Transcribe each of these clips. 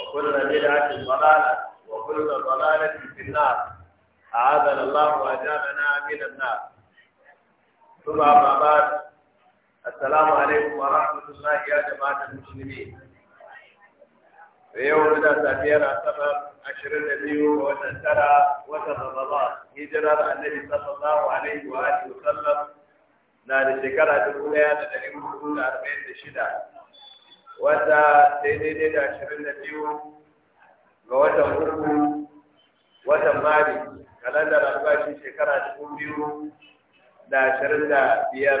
وكل بدعة ضلالة وكل ضلالة في النار أعاذنا الله وأجابنا من النار ثم أما بعد السلام عليكم ورحمة الله يا جماعة المسلمين اليوم بدا تأثير السفر عشرين ديو وتنترى وسط رمضان هجرة النبي صلى الله عليه وآله وسلم نار الذكرى الأولى أن الأمور الأولى أربعين شدة wata daidai da ashirin da biyu ga watan uku watan mari kalandar albashi shekara dubu biyu da ashirin da biyar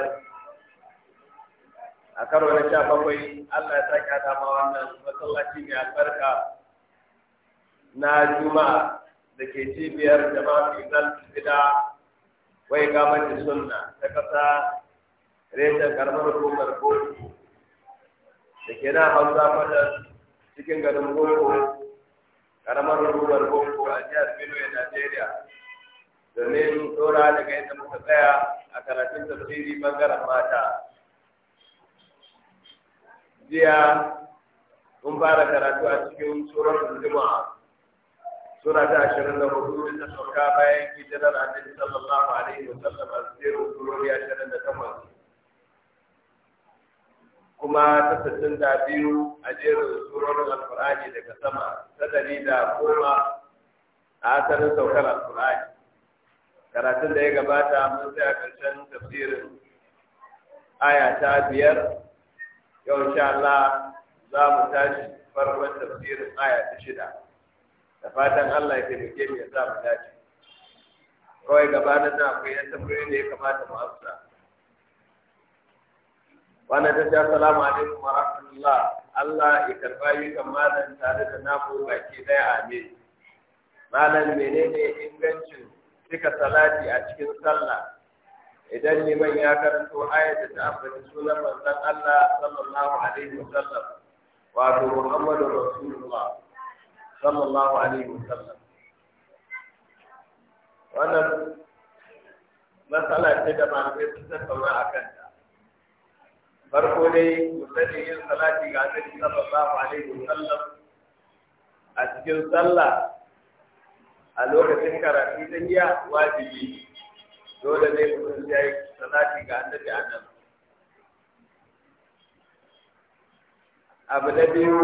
a karo na sha bakwai allah ya sake haɗa ma wannan masallaci mai albarka na juma'a da ke cibiyar jama'a mai gida wai gamar da sunna ta ƙasa reshen karamar hukumar kotu da ke hau hausa fadar cikin garin Boko, karamar rubar Boko a jihar Benue, Najeriya, domin tsora daga yadda muka tsaya a karatun tafsiri bangaren mata. Jiya mun fara karatu a cikin tsoron tuntuma Sura ta ashirin da hudu ta sauka bayan hijirar annabi sallallahu alaihi wa sallam a zirin ya shirin da takwas. kuma ta sassin da biyu a jerin surorin alkur'ani daga sama ta dari da goma a asalin saukar alkur'ani karatun da ya gabata mun sai a ƙarshen tafsirin aya ta biyar yau sha Allah za mu tashi farkon tafsirin aya ta shida da fatan Allah ya taimake mu ya sa mu tashi. kawai gabanin na akwai yan tambayoyi da ya kamata mu amsa wani ta ce assalamu alaikum wa rahmatullah Allah ya karba yi kamalan tare da namu baki daya amin malam menene ingancin cika salati a cikin sallah idan liman ya karanto ayat da ta ambaci sunan manzon Allah sallallahu alaihi wasallam wato Muhammadu Rasulullah sallallahu alaihi wasallam wannan matsala ce da malamai sun tattauna a kanta farko dai mutane yin salati ga annabi sallallahu alaihi wasallam a cikin sallah a lokacin karatu ta iya wajibi dole ne mutum ya yi salati ga annabi annabi abu na biyu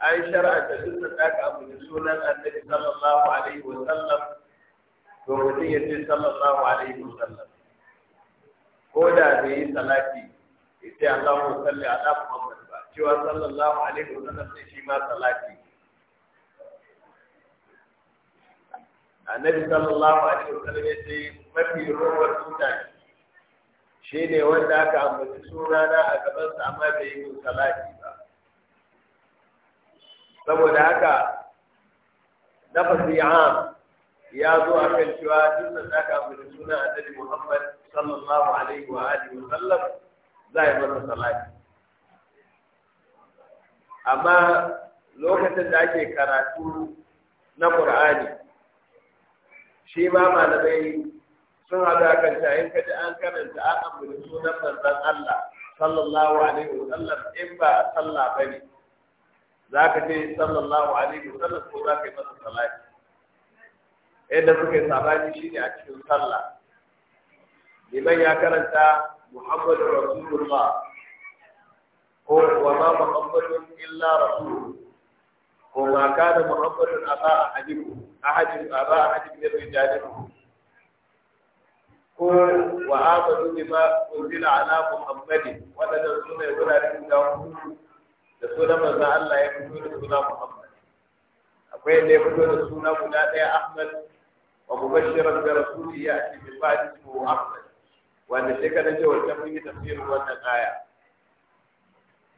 an shar'anta duk da ka abu da sunan annabi sallallahu alaihi wasallam to mutum ya ce sallallahu alaihi wasallam ko da bai yi salati yace Allahu salli ala Muhammad ba cewa sallallahu alaihi wa sallam sai shi ma salati annabi sallallahu alaihi wa sallam yace mafi ruwar mutane shi ne wanda aka ambaci sunana a gabansa amma bai yi min salati ba saboda haka nafasi am ya zo a kan cewa duk da aka ambaci sunan annabi Muhammad sallallahu alaihi wa alihi wa sallam za a yi masa salati amma lokacin da ake karatu na ƙur'ani shi ma malamai sun haɗa kan ta in kaji an karanta an ambaci sunan manzon Allah sallallahu alaihi wa sallam in ba a sallah ba ne za ka ce sallallahu alaihi wa sallam ko za ka yi masa salati yadda suka yi sabani shi ne a cikin sallah liman ya karanta محمد رسول الله هو وما محمد إلا رسول وما كان محمد أبا أحدكم أحد أبا أحد من رجالكم وآمنوا بما أنزل على محمد ولا تنسون يقول عليكم da sunan manzo Allah ya fito da sunan Muhammad akwai yadda ya fito da suna guda ɗaya Ahmad wa mubashiran bi rasuli ya ati bi ba'di ismuhu Ahmad wanda shekaran jiya wancan mun yi tafsirin wannan aya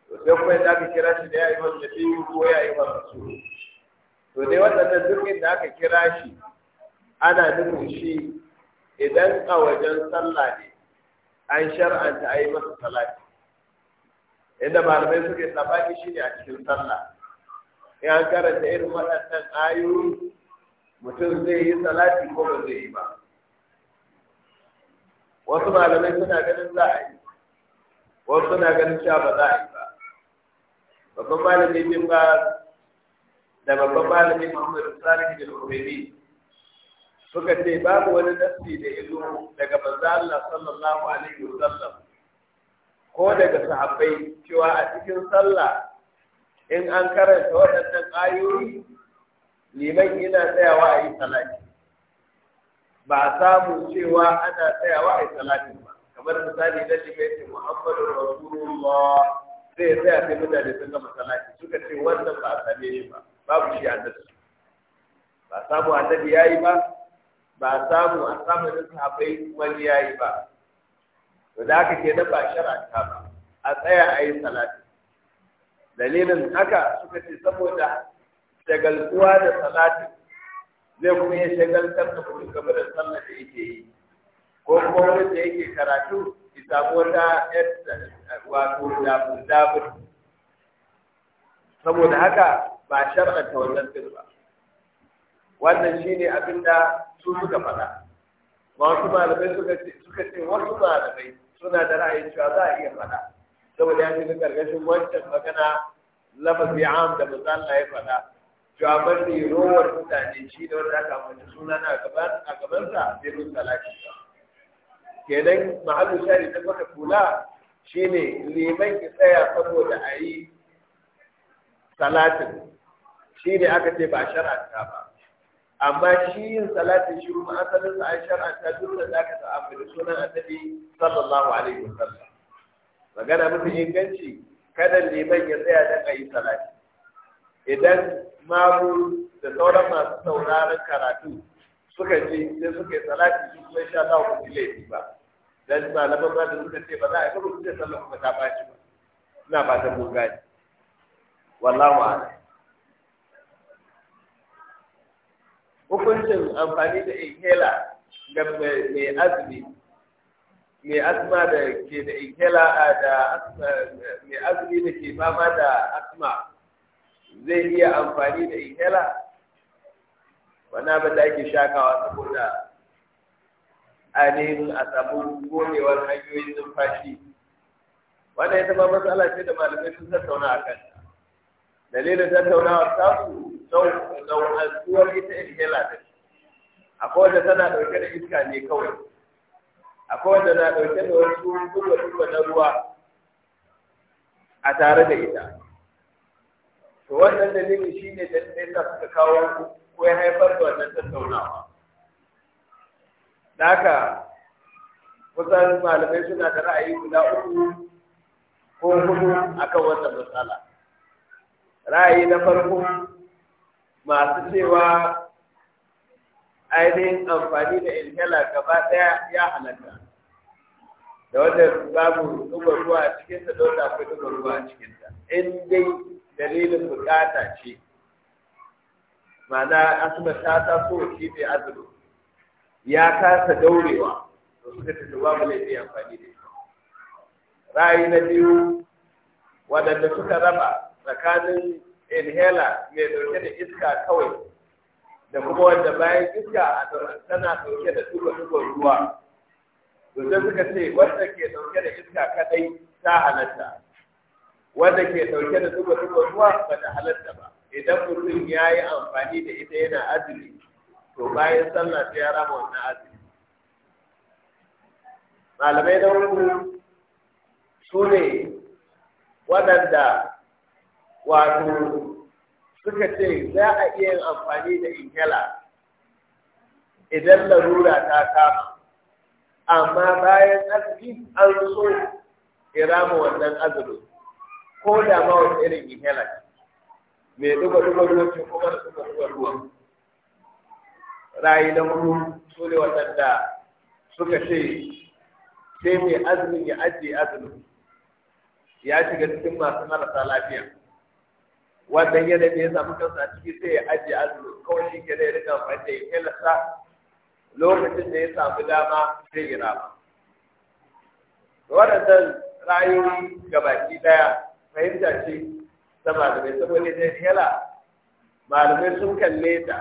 to sai kuma da aka kira shi da ya yi wa nabi ko ya yi wa rasul to dai wannan dukkan da aka kira shi ana nufin shi idan a wajen sallah ne an shar'anta a yi masa salati inda malamai suka yi sabaki shi ne a cikin sallah in an karanta irin waɗannan ayoyi mutum zai yi salati ko ba zai yi ba wasu malamai suna ganin za a yi wasu suna ganin cewa ba za a yi ba babban malamai bin ba da babban malamai Muhammad Salihu da Ubaydi suka ce babu wani nasi da ido daga banza Allah sallallahu alaihi sallam, ko daga sahabbai cewa a cikin sallah in an karanta waɗannan ayoyi liman yana tsayawa a yi salati ba a samu cewa ana tsayawa a salatin ba kamar misali na shi mai Muhammadu Rasulullah zai tsaya sai mutane sun gama salati suka ce wannan ba a same shi ba babu shi a nasu ba a samu annabi yayi ba ba a samu a samun sahabbai wani yayi ba to da ke kenan ba ta ba a tsaya a yi salati dalilin haka suka ce saboda shagaltuwa da salatin zai kuma ya shagaltar da kuɗin game da sallar da yake yi ko kuma wani da yake karatu ki samu wata wato dabur dabur saboda haka ba ta wannan din ba wannan shine abin da su suka faɗa wasu malamai suka ce suka ce wasu malamai suna da ra'ayin cewa za a iya faɗa saboda ya shiga karkashin wancan magana lafazi am da manzo Allah ya faɗa to amma ne rowar mutane shi da wanda aka amfani suna na a gabansa bai mun salati ba kenan mahallu shari ta maka kula shine neman ki tsaya saboda a yi salatin shi ne aka ce ba shar'anta ba amma shi yin salatin shi kuma asalin sa ai shar'anta duk da aka ta amfani sunan annabi sallallahu alaihi wasallam magana mafi inganci kada neman ya tsaya dan ayi salati idan mamu da sauran masu sauraron karatu suka ce sai suka yi salati su kuma sha ta ku laifi ba dan malaman ba da suka ce ba za a yi ba ku ce sallah kuma ta baci ba ina ba ta goga ne wallahu a'lam hukuncin amfani da inhela ga mai azumi mai asma da ke da inhela da mai azumi da ke fama da asma zai iya amfani da inhaler wani abin da ake shakawa saboda ainihin a samu gonewar hanyoyin numfashi wannan ya zama matsala ce da malamai sun tattauna a kan dalilin tattaunawa samu nau'antuwar ita inhaler da akwai wanda tana ɗauke da iska ne kawai akwai wanda na ɗauke da wasu duba-duba na ruwa a tare da ita to wannan dalili shi ne da ta suka kawo ko ya haifar da wannan tattaunawa da haka kusan malamai suna da ra'ayi guda uku ko hudu akan wannan matsala ra'ayi na farko masu cewa ainihin amfani da inhaler gaba ɗaya ya halatta da wanda babu ɗuga ruwa a cikinsa da wata akwai ruwa a cikinsa in dai dalilin bukata ce ma'ana asma ta taso shi ne azumi ya kasa daurewa to suka tafi babu laifi amfani da shi ra'ayi na biyu waɗanda suka raba tsakanin inhaler mai ɗauke da iska kawai da kuma wanda bayan iska a tana ɗauke da tuba-tuban ruwa to suka ce wanda ke ɗauke da iska kadai ta halatta wanda ke ɗauke da zuba zuba ruwa ba ta halatta ba idan mutum ya yi amfani da ita yana azumi to bayan sallah sai ya rama wannan azumi malamai na wuri su ne waɗanda wato suka ce za a iya yin amfani da inhela idan larura ta kama amma bayan azumi an so ya rama wannan azumin ko da ma wani irin inhaler mai duba-duba ruwa ce kuma da duba-duba ruwa rayu na hudu su ne waɗanda suka ce sai mai azumin ya ajiye azumin ya shiga cikin masu marasa lafiya wannan yana da ya samu kansa ciki sai ya ajiye azumin kawai shi ke da ya riga amfani da inhalersa lokacin da ya samu dama sai ya rama waɗannan rayuwa gabaki ɗaya fahimta ce ta malamai saboda ta yala malamai sun kalle ta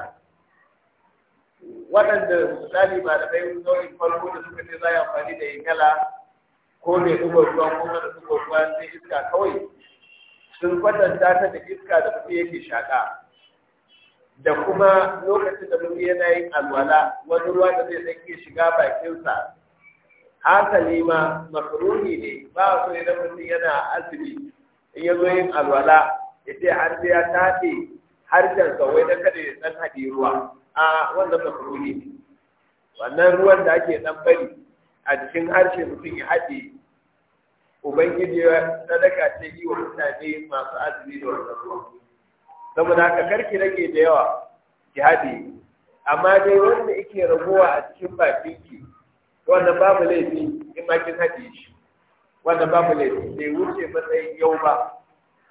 waɗanda misali malamai sun in farko da suka ce za a amfani da yala ko mai ɗuga ruwa ko mara ɗuga sai iska kawai sun kwatanta ta da iska da kuma yake shaƙa da kuma lokacin da mutum yana yin alwala wani ruwa da zai sake shiga bakinsa ne ma makaroni ne ba so idan mutum yana azumi iya zo yin alwala ya ce har sai ya tafi harshen sa wai dan kada ya dan haɗe ruwa a wannan makaruni ne wannan ruwan da ake dan bari a cikin harshe mutum ya haɗe ubangiji ya sadaka ce yi wa mutane masu azumi da wannan ruwa saboda haka karki rage da yawa ki haɗe amma dai wanda yake ragowa a cikin bakinki wannan babu laifi in ma kin haɗe shi wanda babu ne bai wuce matsayin yau ba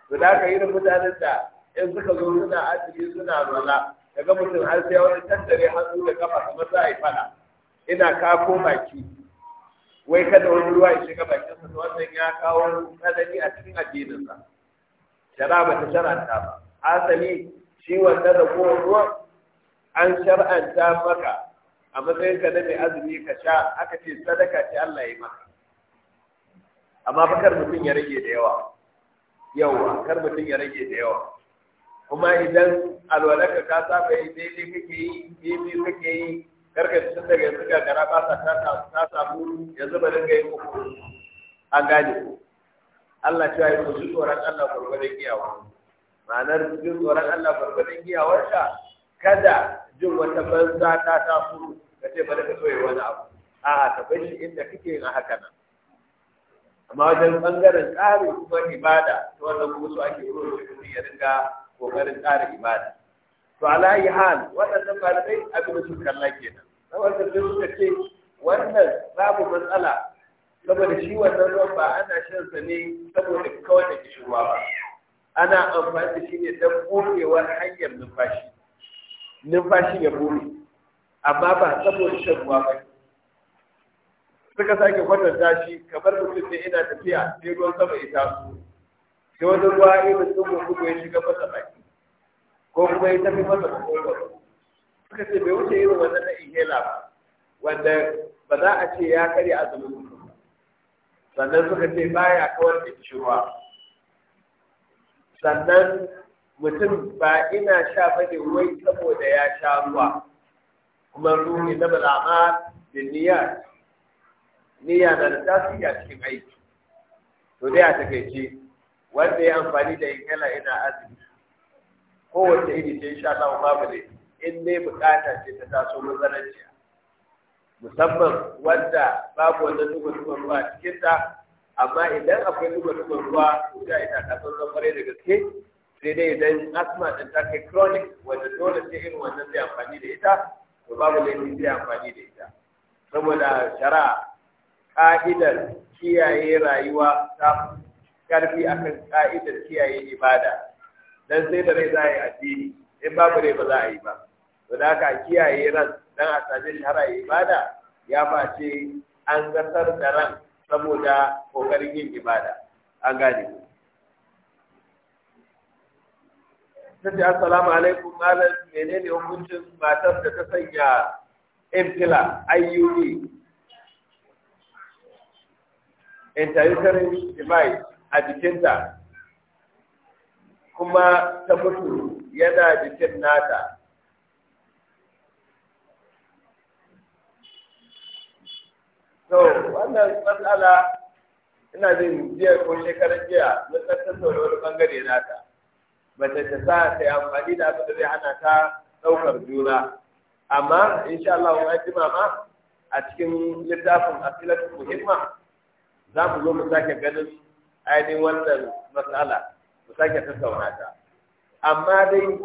to da ka yi mutanen da in suka zo suna ajiye suna rana daga mutum har sai wani tattare hannu da kafa kamar za a yi fada ina kako baki wai kada wani ruwa ya shiga bakinsa to wannan ya kawo tsanani a cikin addininsa shara ba ta sharanta ba asali shi wannan ko ruwan an shar'anta maka a matsayin ka na mai azumi ka sha aka ce sadaka ce Allah ya maka amma fa kar mutum ya rage da yawa yawa kar mutum ya rage da yawa kuma idan alwalaka ka saba yi daidai kake yi daidai kake yi karka cikin daga yanzu ga gara ba sa ta samu yanzu ba dinga yi uku an gane ku Allah cewa yi su tsoron Allah gwargwadon giyawa, ma'anar jin tsoron Allah gwargwadon iyawarsa kada jin wata banza ta taso ka ce ba da ka so yi wani abu a'a ka bar shi inda kake yin a haka nan amma wajen bangaren tsarin kuma ibada ta wannan kuma su ake roro mutum ya ringa kokarin tsara ibada to alayi hal waɗannan malamai abin da suka kalla kenan saboda sai suka ce wannan babu matsala saboda shi wannan ruwan ba ana shan sa ne saboda kawai da kishirwa ba ana amfani da shi ne don buɗewar hanyar numfashi numfashi ya buɗe amma ba saboda shan ruwa ba suka sake kwatanta shi kamar mutum ne ina tafiya sai ruwan sama ya taso sai wani ruwa irin tsugun kuku ya shiga masa baki ko kuma ya tafi masa kokoro suka ce bai wuce irin wannan na ihela ba wanda ba za a ce ya karya azumin mutum ba sannan suka ce baya kawar da kishirwa sannan mutum ba ina sha ne wai saboda ya sha ruwa kuma ruhi na balama da niyyar niyya na da tasiri a cikin aiki to dai a takaice wanda ya amfani da yana ina azumi kowace iri ce insha Allah babu ne in dai bukata ce ta taso mazananciya musamman wanda babu wanda duba duba ruwa a cikin ta amma idan akwai duba duba ruwa to ita ina kasar zamare da gaske sai dai idan asma din ta kai chronic wanda dole sai irin wannan zai amfani da ita to babu laifi zai amfani da ita saboda shara. ƙa'idar kiyaye rayuwa ta ƙarfi kan ƙa'idar kiyaye ibada dan sai da rai za a yi addini in babu rai ba za a yi ba to da aka kiyaye ran dan a sami shara ibada ya face an gasar da ran saboda kokarin yin ibada an gane ku sai assalamu alaikum malam menene hukuncin matar da ta sanya infila IUD intrauterine device a jikinta kuma ta mutu yana jikin nata so wannan matsala ina jin jiya ko shekarar jiya na tattauna wani bangare nata mace ta sa ta yi amfani da abin da zai hana ta ɗaukar juna amma insha Allah wani jima ma a cikin littafin asilat muhimma za mu zo mu sake ganin ainihin wannan matsala mu sake tattauna ta amma dai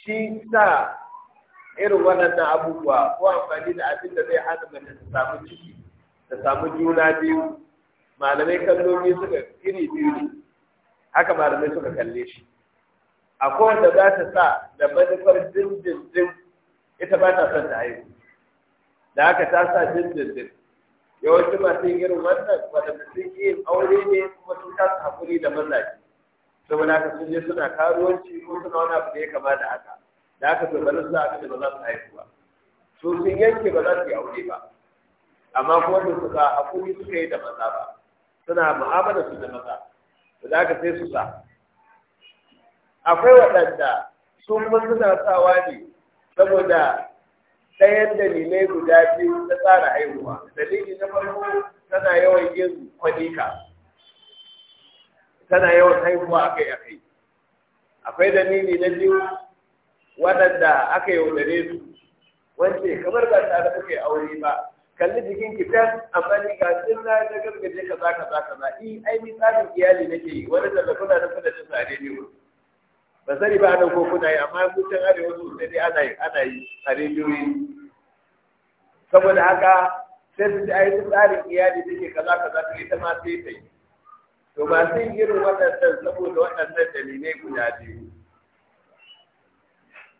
shi sa irin waɗannan abubuwa ko amfani da abin da zai hana mace ta samu ciki ta samu juna biyu malamai kallomi suka iri biyu ne haka malamai suka kalle shi akwai wanda za ta sa da manufar dindindin ita ba ta son ta haihu da haka ta sa dindindin yawanci masu yin irin wannan waɗanda sun yi yin aure ne kuma sun ta haƙuri da mazaje saboda haka sun je suna karuwanci ko suna wani abu da ya kama da haka da haka to bari su abin da ba za su haihu ba su sun yanke ba za su yi aure ba amma ko da suka hakuri suka yi da maza ba suna mu'amala su da maza da haka sai su sa akwai waɗanda sun mun suna sawa ne saboda ɗayan dalilai guda biyu na tsara haihuwa dalili na farko tana yawan yin kwanika tana yawan haihuwa akai akai akwai dalili na biyu waɗanda aka yaudare su wance kamar ba tare kuka yi aure ba kalli jikin ki amma ni ga sun na da gargaje kaza kaza kaza i ai ni tsarin iyali nake yi wani da kuna da kuna da tsare ne wani ba zari ba da ko kuna yi amma mu can arewa sai dai ana yi ana yi a rediyoyi saboda haka sai su ji ayi tsarin iyali da ke kaza kaza ta ita ma sai ta yi to masu yin irin waɗannan saboda waɗannan dalilai guda biyu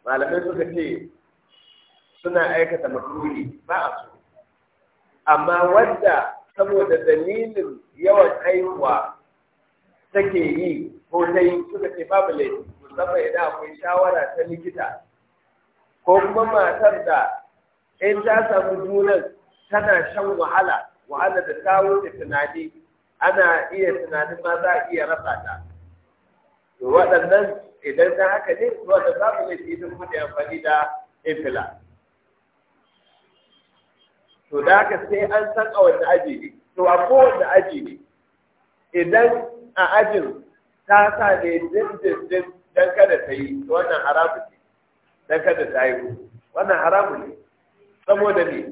malamai suka ce suna aikata makaruni ba a so amma wadda saboda dalilin yawan haihuwa take yi ko ta yi suka ce babu laifi saboda akwai shawara ta likita ko kuma matar da in ta samu junan tana shan wahala wahala da ta wuce tunani ana iya tunanin ma za a iya rasa ta to waɗannan idan ta haka ne wanda za mu laifi sun kuɗi amfani da infila to da haka sai an san a wanda aji ne to a wanda aji ne idan a ajin ta sa ne din dan kada ta yi wannan haramun ne dan kada ta yi wannan haramun ne saboda ne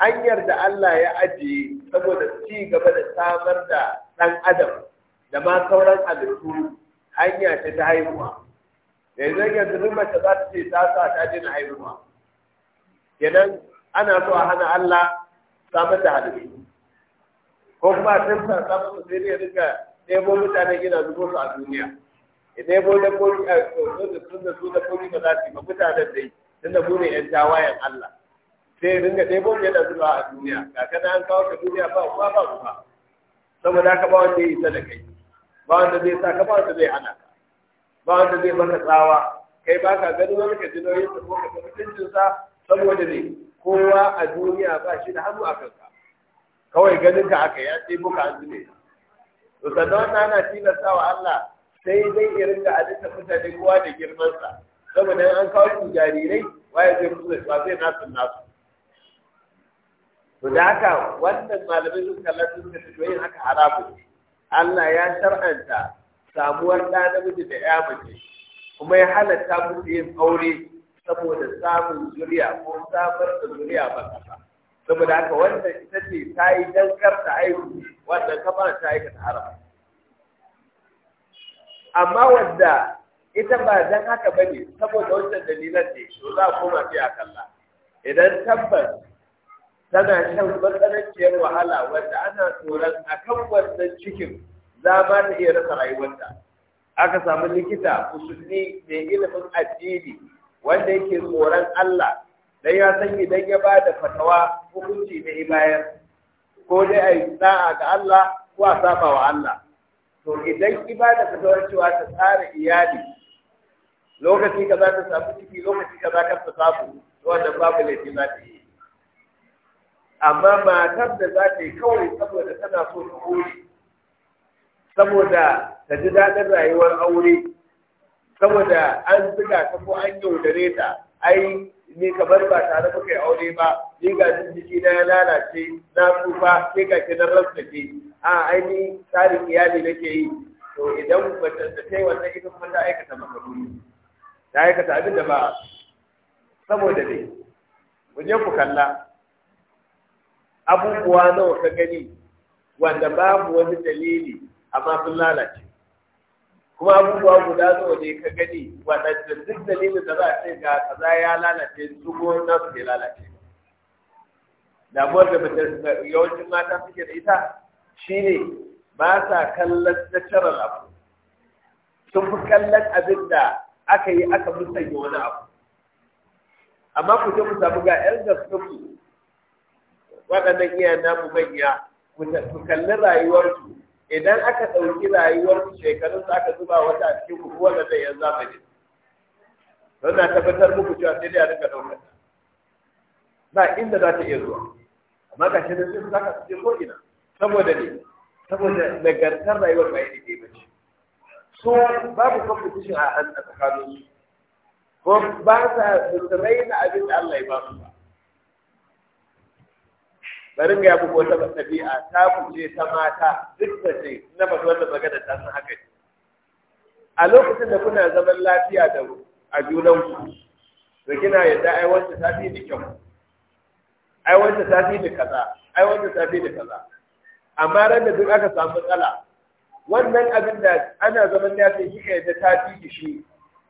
hanyar da Allah ya ajiye saboda ci gaba da samar da ɗan adam da ma sauran halittu hanya ce ta haihuwa da yanzu yanzu duk mace za ta ce ta sa ta jina haihuwa kenan ana so a hana Allah samar da halittu ko kuma a sa samar da sai ne rika ɗebo mutane gina zubo su a duniya idan ya bude koli a tsoron da sun da su da koli ba za su yi ba mutanen da yi tun da bude yan tawayen Allah sai ringa ɗebo mu yana zuba a duniya ga kana an kawo ka duniya ba kuma ba kuma saboda haka ba wanda ya isa da kai ba wanda zai sa ka ba wanda zai hana ka ba wanda zai maka tsawa kai ba ka gani wani ka ji nauyin sa ko ka ga mutuncinsa saboda ne kowa a duniya ba shi da hannu a kanka kawai ganin ka aka ya ce muka an zube to sannan wannan ana tilastawa Allah sai zai iya rinka adinta mutane kowa da girmansa saboda an kawo su jarirai waye zai musu ba zai nasu nasu to da haka wannan malamai sun kalla sun ka tafi yin haka haramun Allah ya shar'anta samuwar ɗa namiji da ya mace kuma ya halatta musu yin aure saboda samun zuriya ko samar da zuriya ba kasa saboda haka wannan ita ce ta yi dankar ta aiki wannan kafa ta aikata haram amma wanda ita ba dan haka bane saboda wannan dalilan ne to za a koma a kalla idan tabbas tana shan matsananciyar wahala wanda ana tsoron akan wannan cikin za ba ta iya rasa rayuwarta aka samu likita musulmi mai ilimin addini wanda yake tsoron Allah dan ya san idan ya ba da fatawa hukunci ne bayan. ko dai a yi sa'a ga Allah ko a saba wa Allah to idan ki ba da cewa ta tsara iyali lokaci ka za ta samu ciki lokaci ka za ka samu wannan babu laifi za ta yi amma matar da za ta yi kawai saboda tana so ta hore saboda ta ji daɗin rayuwar aure saboda an zuga ta ko an yaudare ta ai ni kamar ba tare muka yi aure ba ni ga jiki na ya lalace na tsufa sai ga ki na rantsake. a aini tsarin iyali ke yi to idan ba da ta yi wannan ita kuma ta aikata makaruni ta aikata abin da ba saboda dai mu je ku kalla abubuwa nawa ka gani wanda babu wani dalili amma sun lalace kuma abubuwa guda nawa ne ka gani waɗanda duk dalilin da za a ce ga kaza ya lalace su ko su ke lalace damuwar da yawancin mata suke da ita shine ba sa kallon tattara abu sun fi kallon abin da aka yi aka musanya wani abu amma ku je mu samu ga yan ku, waɗannan iya namu manya ku kalli rayuwarsu idan aka ɗauki rayuwarsu shekarun su aka zuba wata a cikin kuku wanda zai yan zamani don na tabbatar muku cewa sai dai a rika ɗaukar ba inda za ta iya zuwa amma ga shi da sun zaka su je ko ina saboda ne saboda nagartar rayuwar ba iri ke bace so babu competition a tsakanin su ko ba sa musulmai na abin da Allah ya ba su ba bari ga yabu wata ɗabi'a ta kuce ta mata duk da ce na ba wannan magana ta san haka ne a lokacin da kuna zaman lafiya da a ku da kina yadda ai wanda ta fi da kyau ai wanda ta fi da kaza ai wanda ta fi da kaza amma ran da duk aka samu matsala wannan abin da ana zaman lafiya kika yadda ta fi ki shi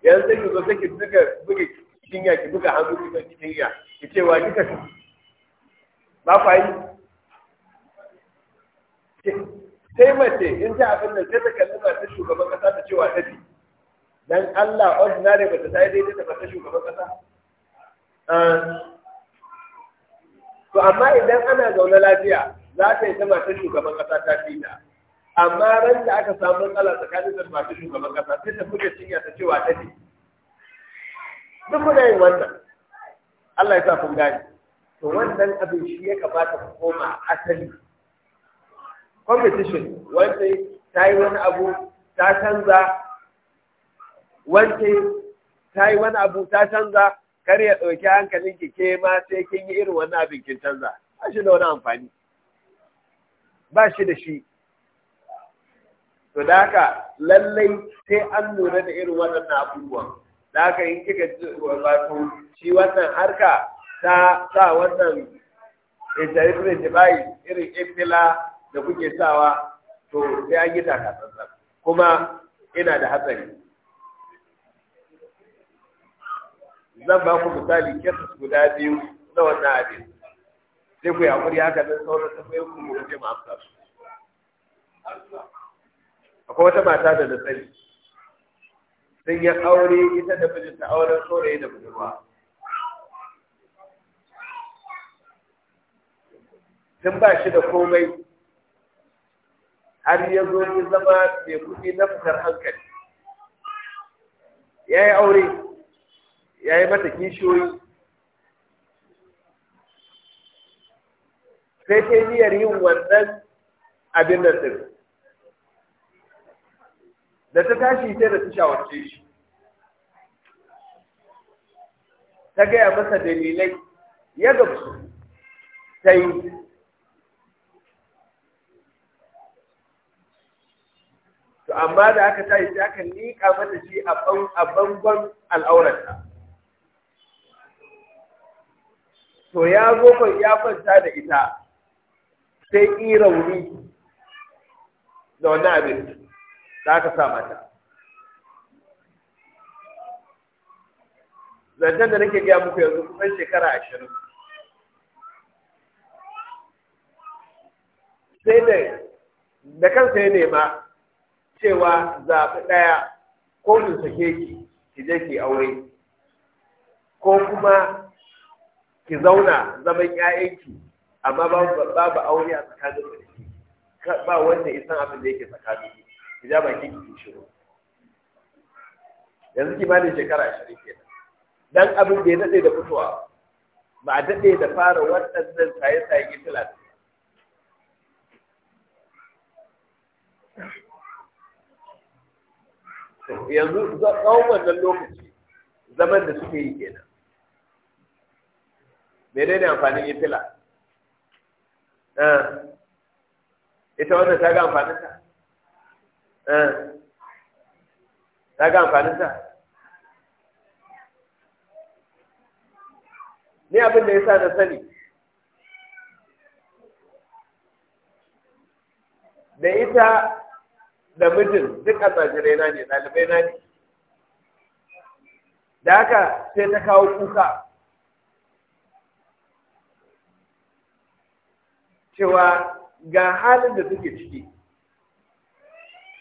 yanzu sai ki zo sai ki buga buga cinya ki buga hannu ki kan cinya ki ce wa kika ci ba fa yi sai mace in ta abin da sai ta kalli ta shugaban kasa ta cewa ta fi dan Allah ordinary ba ta sai dai ta ta shugaban kasa ah. to amma idan ana zaune lafiya za ta yi ta matar shugaban ƙasa ta fi ta amma ran da aka samu matsala tsakanin da matar shugaban ƙasa, sai ta buga cinya ta cewa ta ne duk muna yin wannan Allah ya sa kun gane to wannan abin shi ya kamata ku koma asali competition wanda ta yi wani abu ta canza wanda ta yi wani abu ta canza kar ya ɗauki hankalin ki ke ma sai kin yi irin wannan abin kin canza a shi da wani amfani ba shi da shi to da haka lallai sai an lura da irin waɗannan abubuwan da haka in kika wato shi wannan harka ta sa wannan internet device irin fila da kuke sawa to sai an yi takatsantsan kuma ina da hatsari zan ba ku misali kirkus guda biyu na wannan abin sai ku yaƙuri haka don sauran tafiye ku mu sai su akwai wata mata da nasari. sun yi aure ita da mijinta auren saurayi da budurwa tun ba shi da komai har ya zo zama mai kuɗi na fitar hankali ya yi aure ya yi mata kishiyoyi sai ta yi niyyar yin wannan abin da ɗin da ta tashi sai da ta shawarce shi ta gaya masa dalilai ya gamsu ta yi to amma da aka tashi sai aka liƙa mata shi a bangon al'aurata. to ya zo ya kwanta da ita sai in rauni da wani abin da aka sa mata zancen da nake gaya muku yanzu kusan shekara ashirin sai da da kansa ya nema cewa zaɓi ɗaya ko in sake ki ki je ki aure ko kuma ki zauna zaman 'ya'yanki amma babu aure a tsakanin su ba wanda isan abin da yake tsakanin su ja baki ki shiru yanzu ki bani shekara ashirin kenan dan abin da ya daɗe da fitowa ba a daɗe da fara waɗannan saye-saye gitila yanzu tsawon wannan lokaci zaman da suke yi kenan menene amfanin gitila Eh. ita wannan ta ga amfaninta eh. ta ga amfaninta ni abin da ya sa na sani da ita da mijin duk asajirai na ne ɗalibai na ne da haka sai ta kawo kuka cewa ga halin da suke ciki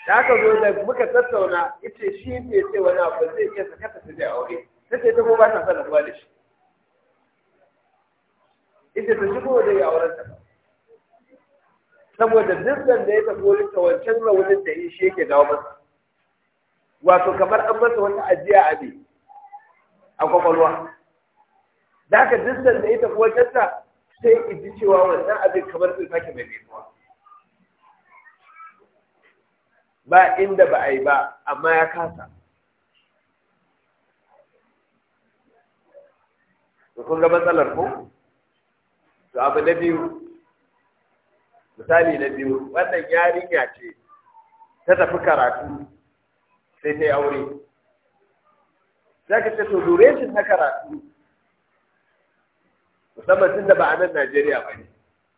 da aka zo da muka tattauna ita shi ne ce wani abu zai iya sakata ta da aure ta ce ta ko ba ta sanar da shi ita ta shigo da ya auren ta saboda dukkan da ya tafi wani wancan raunin da shi yake dawo masa wato kamar an masa wata ajiya a ne a kwakwalwa da aka dukkan da ya tafi wajen ta sai in ji cewa wannan abin kamar zai sake mai maimaituwa ba inda ba a yi ba amma ya kasa kun ga matsalar ku? to abu na biyu misali na biyu wannan yarinya ce ta tafi karatu sai ta yi aure za ka ce to dure shi na karatu musamman tun da ba a nan Najeriya ba ne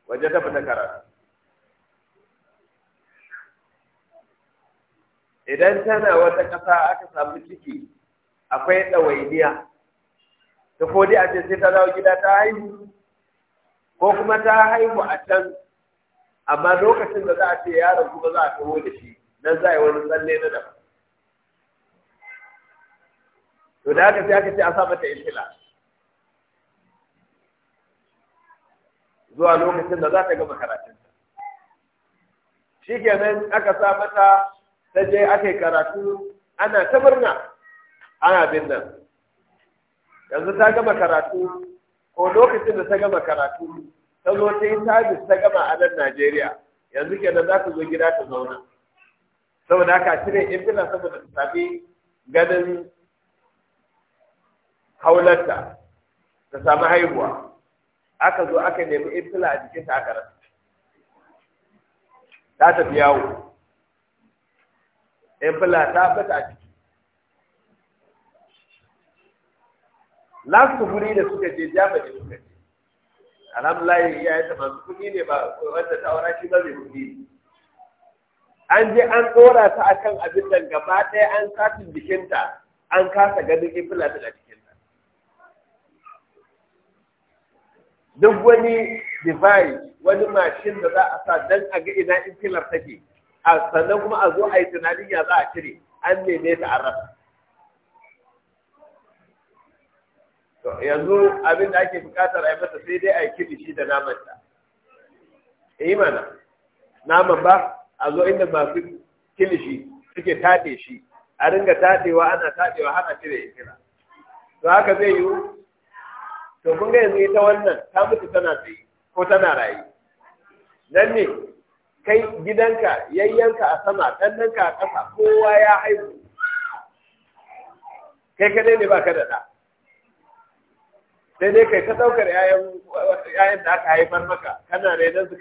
waje ta fita karatu idan tana wata ƙasa aka samu ciki akwai ɗawainiya ta kodi a ce sai ta zawo gida ta haihu ko kuma ta haihu a can amma lokacin da za a ce yaron kuma za a taho da shi nan za a yi wani tsalle na daban to da aka sai aka ce a sa mata ishila zuwa lokacin da za ta gama karatunta kenan aka sa mata ta je aka yi karatu ana ta murna ana bin nan yanzu ta gama karatu ko lokacin da ta gama karatu ta zo ta yi sabis ta gama a nan Najeriya yanzu kenan za ta zo gida ta zauna saboda haka in infila saboda ta sami ganin haularta ta sami haihuwa aka zo aka nemi ibtila a ta aka rasa ta tafi yawo ibtila ta fita a ciki lasu guri da suka je jamani suka je alhamdulahi ya yi tamar kuɗi ne ba wanda ta wara shi ba mai kuɗi an je an ɗora ta akan abin da gaba ɗaya an satin jikinta an kasa ganin ibtila ta duk wani device wani mashin da za a sa dan a ga ina filar take a sannan kuma a zo a yi tunanin ya za a cire an neme ta rasa yanzu abin da ake bukatar a masa, sai dai a yi shi da naman ta yi eh mana naman ba a zo inda masu kilishi suke taɗe shi a ringa taɗewa ana taɗewa har a cire inhaler to haka zai yiwu to kun ga yanzu ita wannan ta mutu tana tsaye ko tana rayu? nan ne kai gidanka yayyanka a sama ɗannanka a ƙasa kowa ya haihu kai kadai ne ba ka da ɗa sai dai kai ka ɗaukar ‘ya'yan da aka haifar maka kana renon su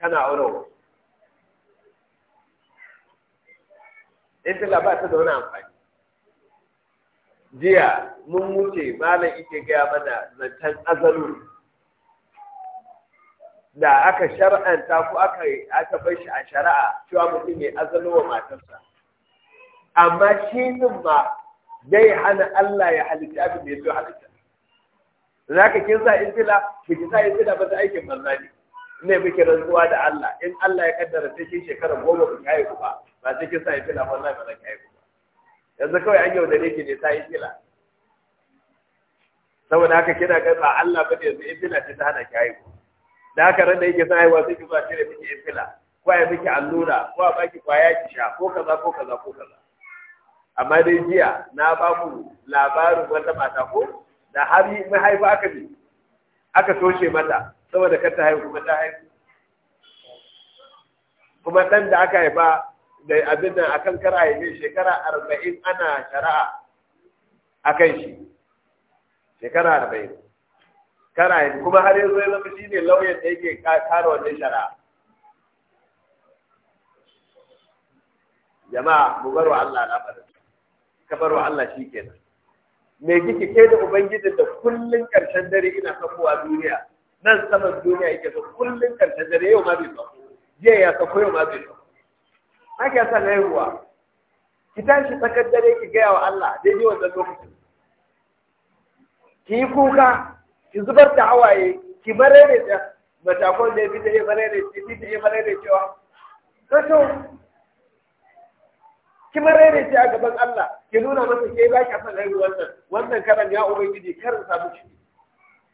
kana aurewa. Intila ba ta da wani amfani. jiya mun wuce malam ike gaya mana zancen azalu da aka shar'anta ko aka aka bar shi a shari'a cewa mutum ya azalu wa matarsa amma shi din ma dai hana Allah ya halitta abin da ya zo halitta Za ka kin sa izila ki sa fila ba ta aikin banza ne ne muke rantsuwa da Allah in Allah ya kaddara sai shi shekara goma ku kai ku ba ba sai kin sa izila wallahi ba za ka ki haihu yanzu kawai an yau da ne ta yi fila saboda haka kina ga ba Allah ba ne yanzu ifila ce ta hana ki haihu da haka ran da yake sa haihuwa sai ki shi cire miki ifila ko ya miki allura ko a baki kwaya ki sha ko kaza ko kaza ko kaza amma dai jiya na ba mu labarin wata mata ko da har yi haifa aka bi aka toshe mata saboda kar ta haihu kuma ta haihu kuma dan da aka haifa da abin nan a kar a yi shekara arba'in ana shari'a kan shi shekara arba'in kara yi kuma har yanzu ya zama shine lauyan da yake kara wannan shari'a jama'a mu bar wa Allah labarin ka bar wa Allah shi kenan me kike ke da ubangiji da kullun karshen dare ina sakowa duniya nan saman duniya yake so kullun karshen dare yau ma bai so jiya ya sako yau ma bai so ake son ruwa? ki tashi tsakar dare ki gaya wa Allah daidai wanda lokacin ki yi kuka ki zubar da hawaye ki marere da matakon da ya fi ta marere ki fi ta yi marere cewa kaso ki marere ce a gaban Allah ki nuna masa ke ba ki son haihuwar nan wannan karan ya ubangiji karin sabu shi.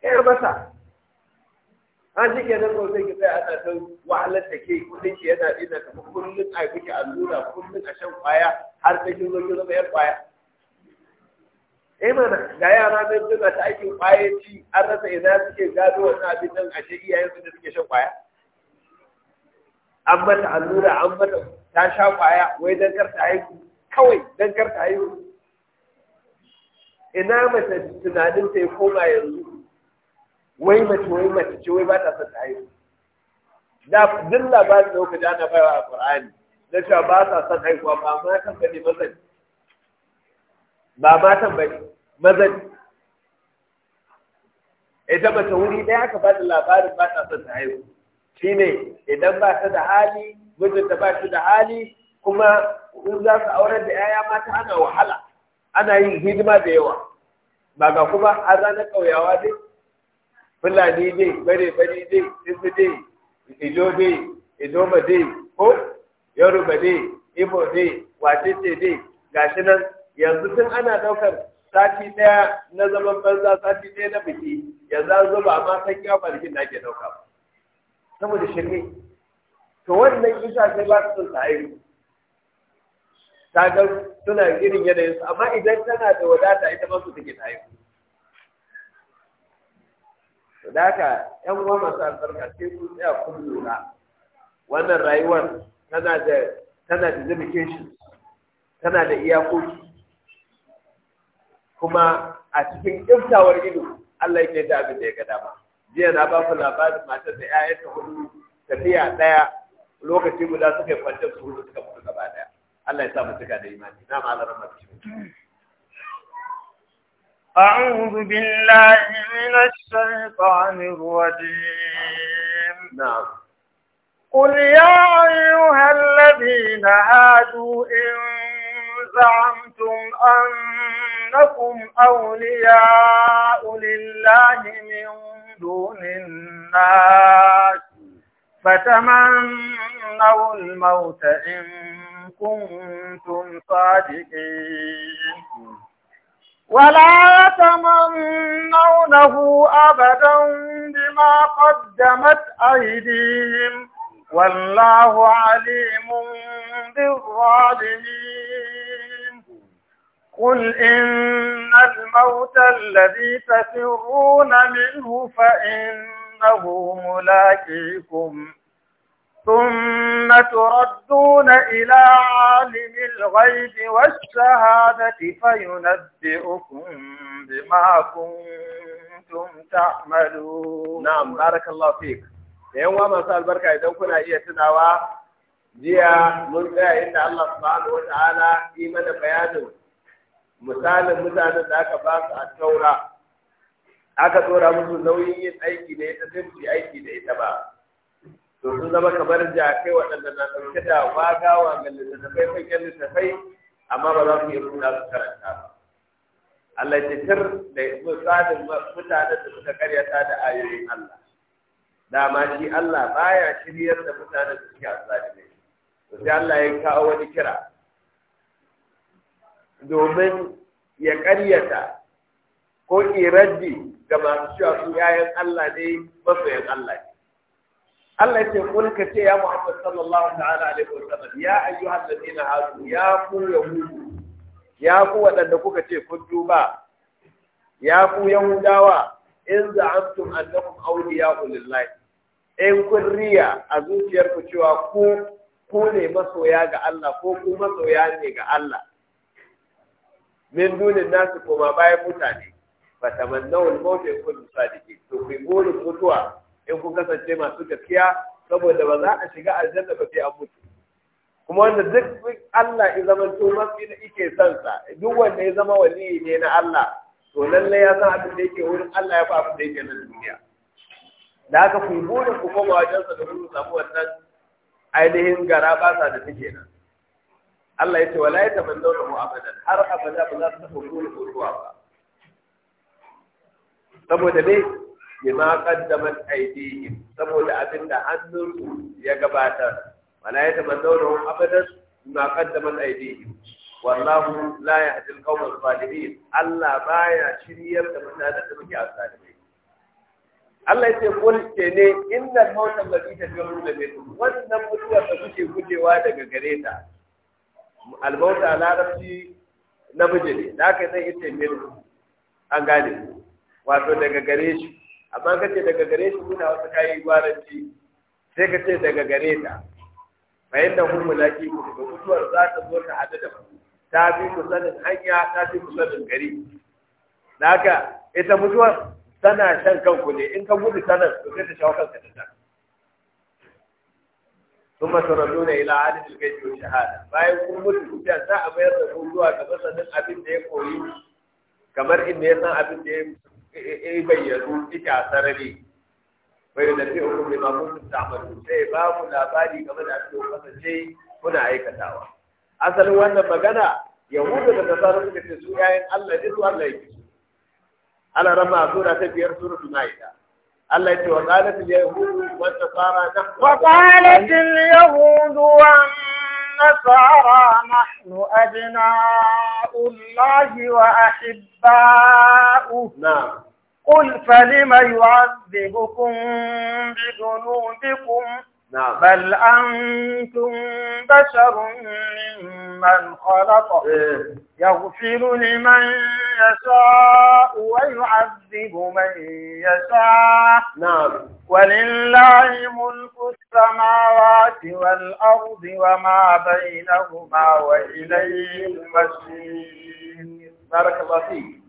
yar masa an shi ke nan sai ke tsaya a ta wahalar da ke kudin ki yana dina kamar kullum a kuke allura kullum a shan kwaya har sai kin zo ki zama yan kwaya eh mana ga yara nan suna ta aikin kwayaci an rasa ina suke gado wannan abin nan ashe iyayen su da suke shan kwaya an mata allura an mata ta sha kwaya wai dan kar ta haihu kawai dan kar ta haihu ina mace tunanin ta ya koma yanzu wai mace wai mace ce wai ba ta son ta haihu da duk labarin da kuka ji ana baiwa a Qur'ani na cewa ba sa son haihuwa ba ma kan bane mazan ba ma kan bane mazan ita mace wuri ɗaya aka ba da labarin ba ta son ta haihu shine idan ba ta da hali mijinta ba shi da hali kuma in za su aurar da 'ya'ya mata ana wahala ana yin hidima da yawa ba ga kuma a ranar ƙauyawa dai fulani dai bare bare dai tibi dai ijo dai idoma dai ko yoruba dai ibo dai wacece dai gashi nan yanzu tun ana daukar sati daya na zaman banza sati daya na biki yanzu an zuba amma san ya barkin da ake dauka saboda shirme to wannan isa sai ba su sa aiki ta ga suna irin yanayin su amma idan tana da wadata ita ma su take ta aiki da haka yan uwa masu albarka sai kun tsaya kun lura wannan rayuwar tana da tana da limitation tana da iyakoki kuma a cikin iftawar ido Allah yake da abin da ya ga dama jiya na ba ku labarin matar da 'ya'yanta hudu tafiya ɗaya lokaci guda suka yi kwanciyar su hudu suka mutu gaba ɗaya Allah ya sa mu suka da imani na ma'alar mafi أعوذ بالله من الشيطان الرجيم نعم قل يا أيها الذين هادوا إن زعمتم أنكم أولياء لله من دون الناس فتمنوا الموت إن كنتم صادقين ولا يتمنونه أبدا بما قدمت أيديهم والله عليم بالظالمين قل إن الموت الذي تفرون منه فإنه ملاكيكم ثم تردون إلى عالم الغيب والشهادة فينبئكم بما كنتم تعملون نعم بارك الله فيك yan wa masu albarka idan kuna iya tunawa jiya mun tsaya inda Allah subhanahu wata'ala yi mana bayanin misalin mutanen da aka ba a taura aka tsora musu nauyin yin aiki ne ya tafi aiki to sun zama kamar jakai waɗanda na ɗauke da wagawa ga littattafai manyan littattafai amma ba za su iya nuna su karanta ba Allah ya tir da tsarin mutanen da suka karyata da ayoyin Allah dama shi Allah baya shiryar da mutanen da suke ne. to sai Allah ya kawo wani kira domin ya karyata ko iraddi ga masu cewa su yayan Allah ne masoyan Allah ne Allah ce kulka ka ce ya Muhammad sallallahu ta'ala alaihi wasallam ya ayyuhal ladina hadu ya ku yahudu ya ku wadanda kuka ce kun duba ya ku yahudawa in za'antum annakum awliya lillahi in kun riya a zuciyar ku cewa ku ku ne masoya ga Allah ko ku masoya ne ga Allah min dunin nasu koma bayan mutane fatamannawul mawt in kuntum sadiqin to ku gori mutuwa in kun kasance masu gaskiya saboda ba za a shiga aljanna ba sai an mutu kuma wanda duk Allah ya zama to masu da yake son sa duk wanda ya zama wani ne na Allah to lalle ya san abin da yake wurin Allah ya fa abin da yake na duniya da haka ku bude ku koma wajen sa da ku samu wannan ainihin gara ba sa da take nan Allah ya ce wala ya tamannau da mu abadan har abada ba za su tafi ku ruwa ba saboda dai bima qaddamat aydihim saboda abinda hannun ya gabatar wala wa abadan bima qaddamat aydihim wallahu la yahdi al-qawm al-zalimin Allah baya shiryar da mutanen da muke azalimai Allah yake kul ne innal mawta alladhi tajuruna minhu wannan mutuwa da kuke gujewa daga gare ta al-mawta rafi namiji ne da haka zai yace min an gane wato daga gare shi amma ka ce daga gare shi muna wasu kayi gwaranci sai ka ce daga gare ta bayan da hun mulaki ku daga mutuwar za ta zo ta hadu da ku ta fi ku sanin hanya ta fi ku sanin gari haka ita mutuwar tana shan kanku ne in ka gudu sanan to sai ta shawo kanka da ta ila hali da kai الغيب shahada bayan kun mutu da za a bayar da ku zuwa ga masanin abin da ya koyi kamar inda ya san abin da ya bayyanu ita sarari bai da fi hukum da kun ta'malu sai ba mu labari game da abin da kasance kuna aikatawa asalin wannan magana yahudu da nasara suka ce su yayin Allah ne su Allah yake su ala rama sura ta biyar suratul maida Allah ya ce wa qalat al yahud wa nasara wa qalat al yahud wa النصارى نحن أبناء الله وأحباؤه نعم قل فلم يعذبكم بذنوبكم نعم. بل أنتم بشر ممن خلق إيه. يغفر لمن يشاء ويعذب من يشاء نعم ولله ملك السماوات والأرض وما بينهما وإليه المسير بارك الله فيك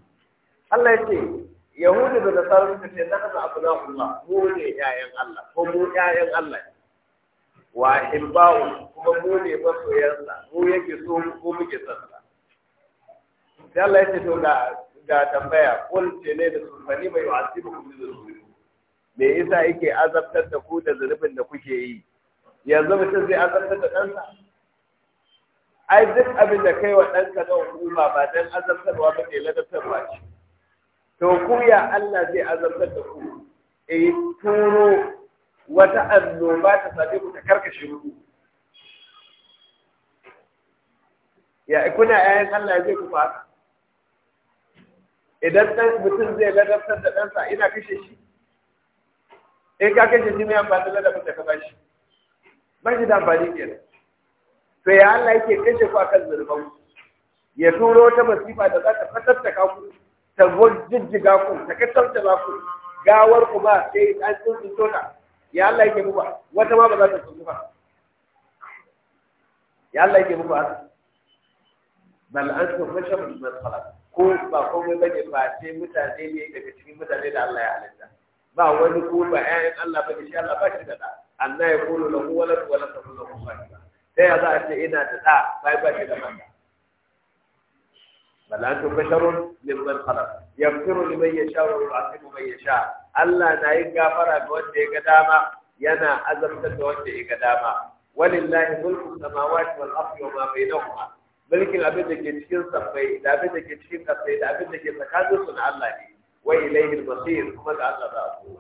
هل يسير يهود بن صالح نحن أبناء الله مو يا الله هم يا الله wa hibba'u kuma mu ne masoyansa mu yake so ko muke sansa sai Allah ya ce to ga ga tambaya kun ce ne da sunani mai wa'azibukum da su me yasa yake azabtar da ku da zurbin da kuke yi yanzu mutum zai azabtar da kansa ai duk abin da kai wa ɗanka na hukuma ba dan azabtarwa ba ne ladabtarwa ce to ku ya Allah zai azabtar da ku eh turo wata annoba ta same ku ta karkashe muku ya kuna 'ya'yan Allah zai ku fara idan dan mutum zai ladabtar da ɗansa ina kashe shi in ka kashe shi mai amfani ladabtar da ka ba shi ba shi da amfani kenan to ya Allah yake kashe ku akan zulmanku ya turo wata masifa da za ta da ku ta jijjiga ku ta kattauta ku gawar ku ba sai an tsinci tona ya Allah yake muku wata ma ba za ta tsufu ba ya Allah yake muku haka bal antum basharun min khalaq ko ba komai bane ba ce mutane ne daga cikin mutane da Allah ya halitta ba wani ko ba ƴaƴan Allah ba shi Allah ba shi da da anna yaqulu lahu walad wa la taqulu lahu sahiba sai ya za a ce ina da da bai ba shi da mata bal antum basharun min khalaq yaghfiru liman yasha'u wa yu'adhibu man yasha'u Allah na yin gafara ga wanda ya ga dama yana azabtar da wanda ya ga dama walillahi mulku samawati wal ardi wa ma bainahuma mulkin abin da ke cikin sammai da abin da ke cikin kasai da abin da ke tsakanin su na Allah ne wa ilayhi al-masir kuma ga Allah za a koma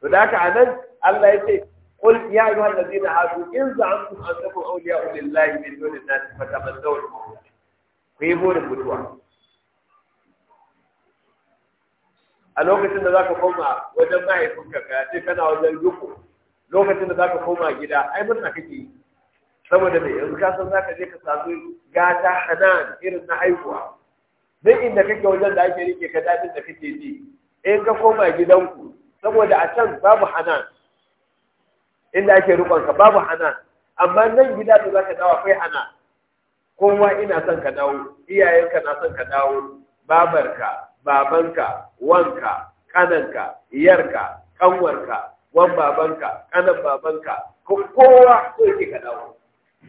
to da haka anan Allah ya ce qul ya ayyuhal ladina hadu in za'amtum annakum awliya'u lillahi min duni an-nas fatamannaw al-maut ku yi burin mutuwa a lokacin da za ka koma wajen mahaifinka ka ce kana wajen duku lokacin da za ka koma gida ai murna kake yi saboda mai yanzu ka san za ka je ka samu gata hanan irin na haihuwa duk inda kake wajen da ake rike ka dadin da kake ji in ka koma gidanku saboda a can babu hanan inda ake rikon ka babu hanan amma nan gida da za ka dawo akwai hanan kowa ina son ka dawo iyayenka na son ka dawo babarka babanka wanka kananka iyarka kanwarka wan babanka kanan babanka ko kowa ko yake ka dawo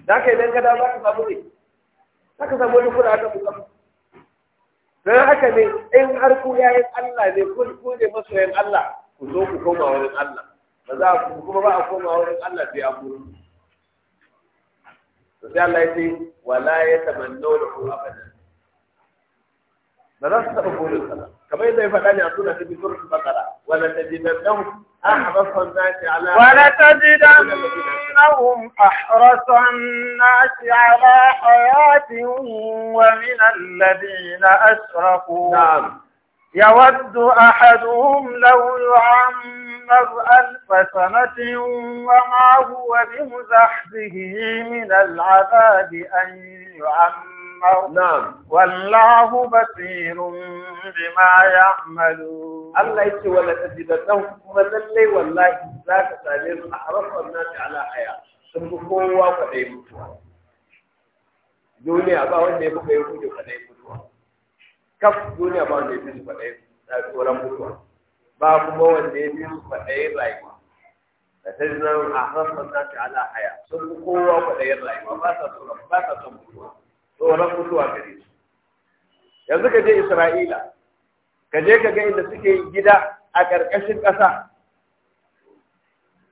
da ka idan ka dawo za ka samu ne za ka samu wani kuna haka musamman don haka ne in har ku yayin Allah ne kun ku ne masoyan Allah ku zo ku koma wurin Allah ba za ku kuma ba a koma wurin Allah sai an buru to sai Allah ya ce wala yatamannawna abadan فلست أقول الخلق taɓa burin ka ba kamar yadda ya faɗa أحرص الناس على ولتجدنهم أحرص الناس على حياة ومن الذين أشركوا نعم يود أحدهم لو يعمر ألف سنة وما هو بمزحزه من العذاب أن يعمر الحق نعم والله بصير بما يعملون الله يتي ولا تجدنهم كما لله والله لا تسالين احرص الناس على حياه sun fi kowa kwaɗayi mutuwa duniya ba wanda ya fi kai kudu kwaɗayi mutuwa kaf duniya ba wanda ya fi su kwaɗayi mutuwa ba kuma wanda ya fi su rayuwa da ta zina a na ta ala haya sun fi kowa kwaɗayin rayuwa ba sa ba sa son mutuwa tsoron mutuwa gare su yanzu ka je Isra'ila ka je ka ga inda suke gida a ƙarƙashin ƙasa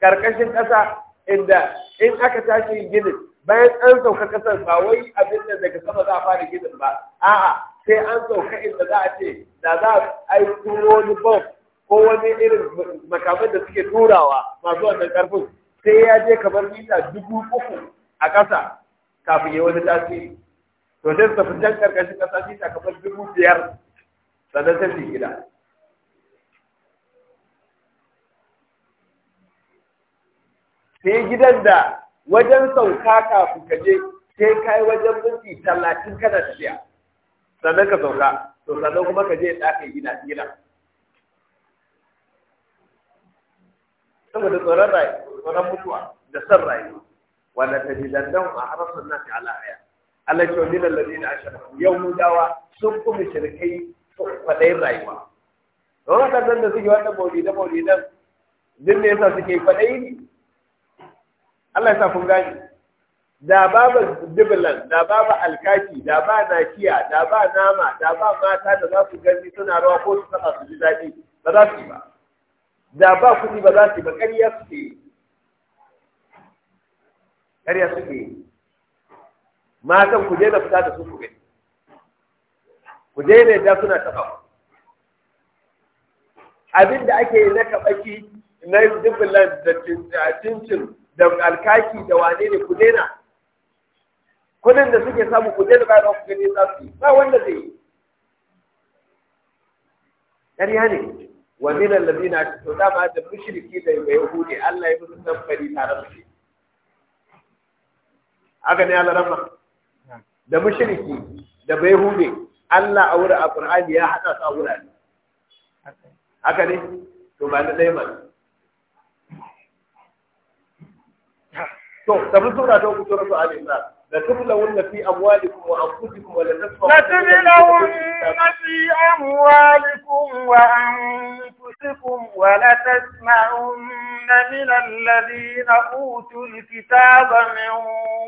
ƙarƙashin ƙasa inda in aka tashi ginin bayan an sauka ƙasar ba wai abin da daga sama za a fara ginin ba a'a sai an sauka inda za a ce da za a yi wani bom ko wani irin makamai da suke turawa masu wannan ƙarfin sai ya je kamar mita dubu uku a ƙasa kafin ya wani tasiri to sai su tafi can karkashin kasa shi ta kamar dubu biyar sannan sai fi gida sai gidan da wajen sauka kafin ka je sai kai wajen minti talatin kana tafiya sannan ka sauka to sannan kuma ka je ɗakin gina gina saboda tsoron rayuwa tsoron mutuwa da son rayuwa wanda ta jilandan a harsun nasi ala'aya Allah ce wa min alladhina ashraku yau mun dawa sun kuma shirkai faɗayin rayuwa don haka zan da suke wannan maulida maulidan din ne yasa suke kwaɗayi ne Allah ya sa kun gani da ba ba dibilan da ba ba alkaki da ba nakiya da ba nama da ba mata da za su gani suna rawa ko su saka su ji daɗi ba za su yi ba da ba kuɗi ba za su yi ba ƙarya suke ƙarya suke matan ku na fita da su ku gani ku ne da suna taba abin da ake na kabaki na dubbulan da cincin da alkaki da wane ne ku daina kudin da suke samu ku daina ba ku gani za su yi ba wanda zai yi ƙarya ne wa min allazina to ma da mushriki da yahudi Allah ya musu nan tare da shi haka ne Allah rahma da mushriki da bai hude Allah a wurin al ya hada su a wurare. Haka ne? To ba na ɗaya To, tafi sura ta hukutu rasu a Nisa. La tublawun na fi amwalikum wa anfusikum wa la tasma'u. La tublawun na fi amwalikum wa anfusikum wa la tasma'u. من الذين أوتوا الكتاب من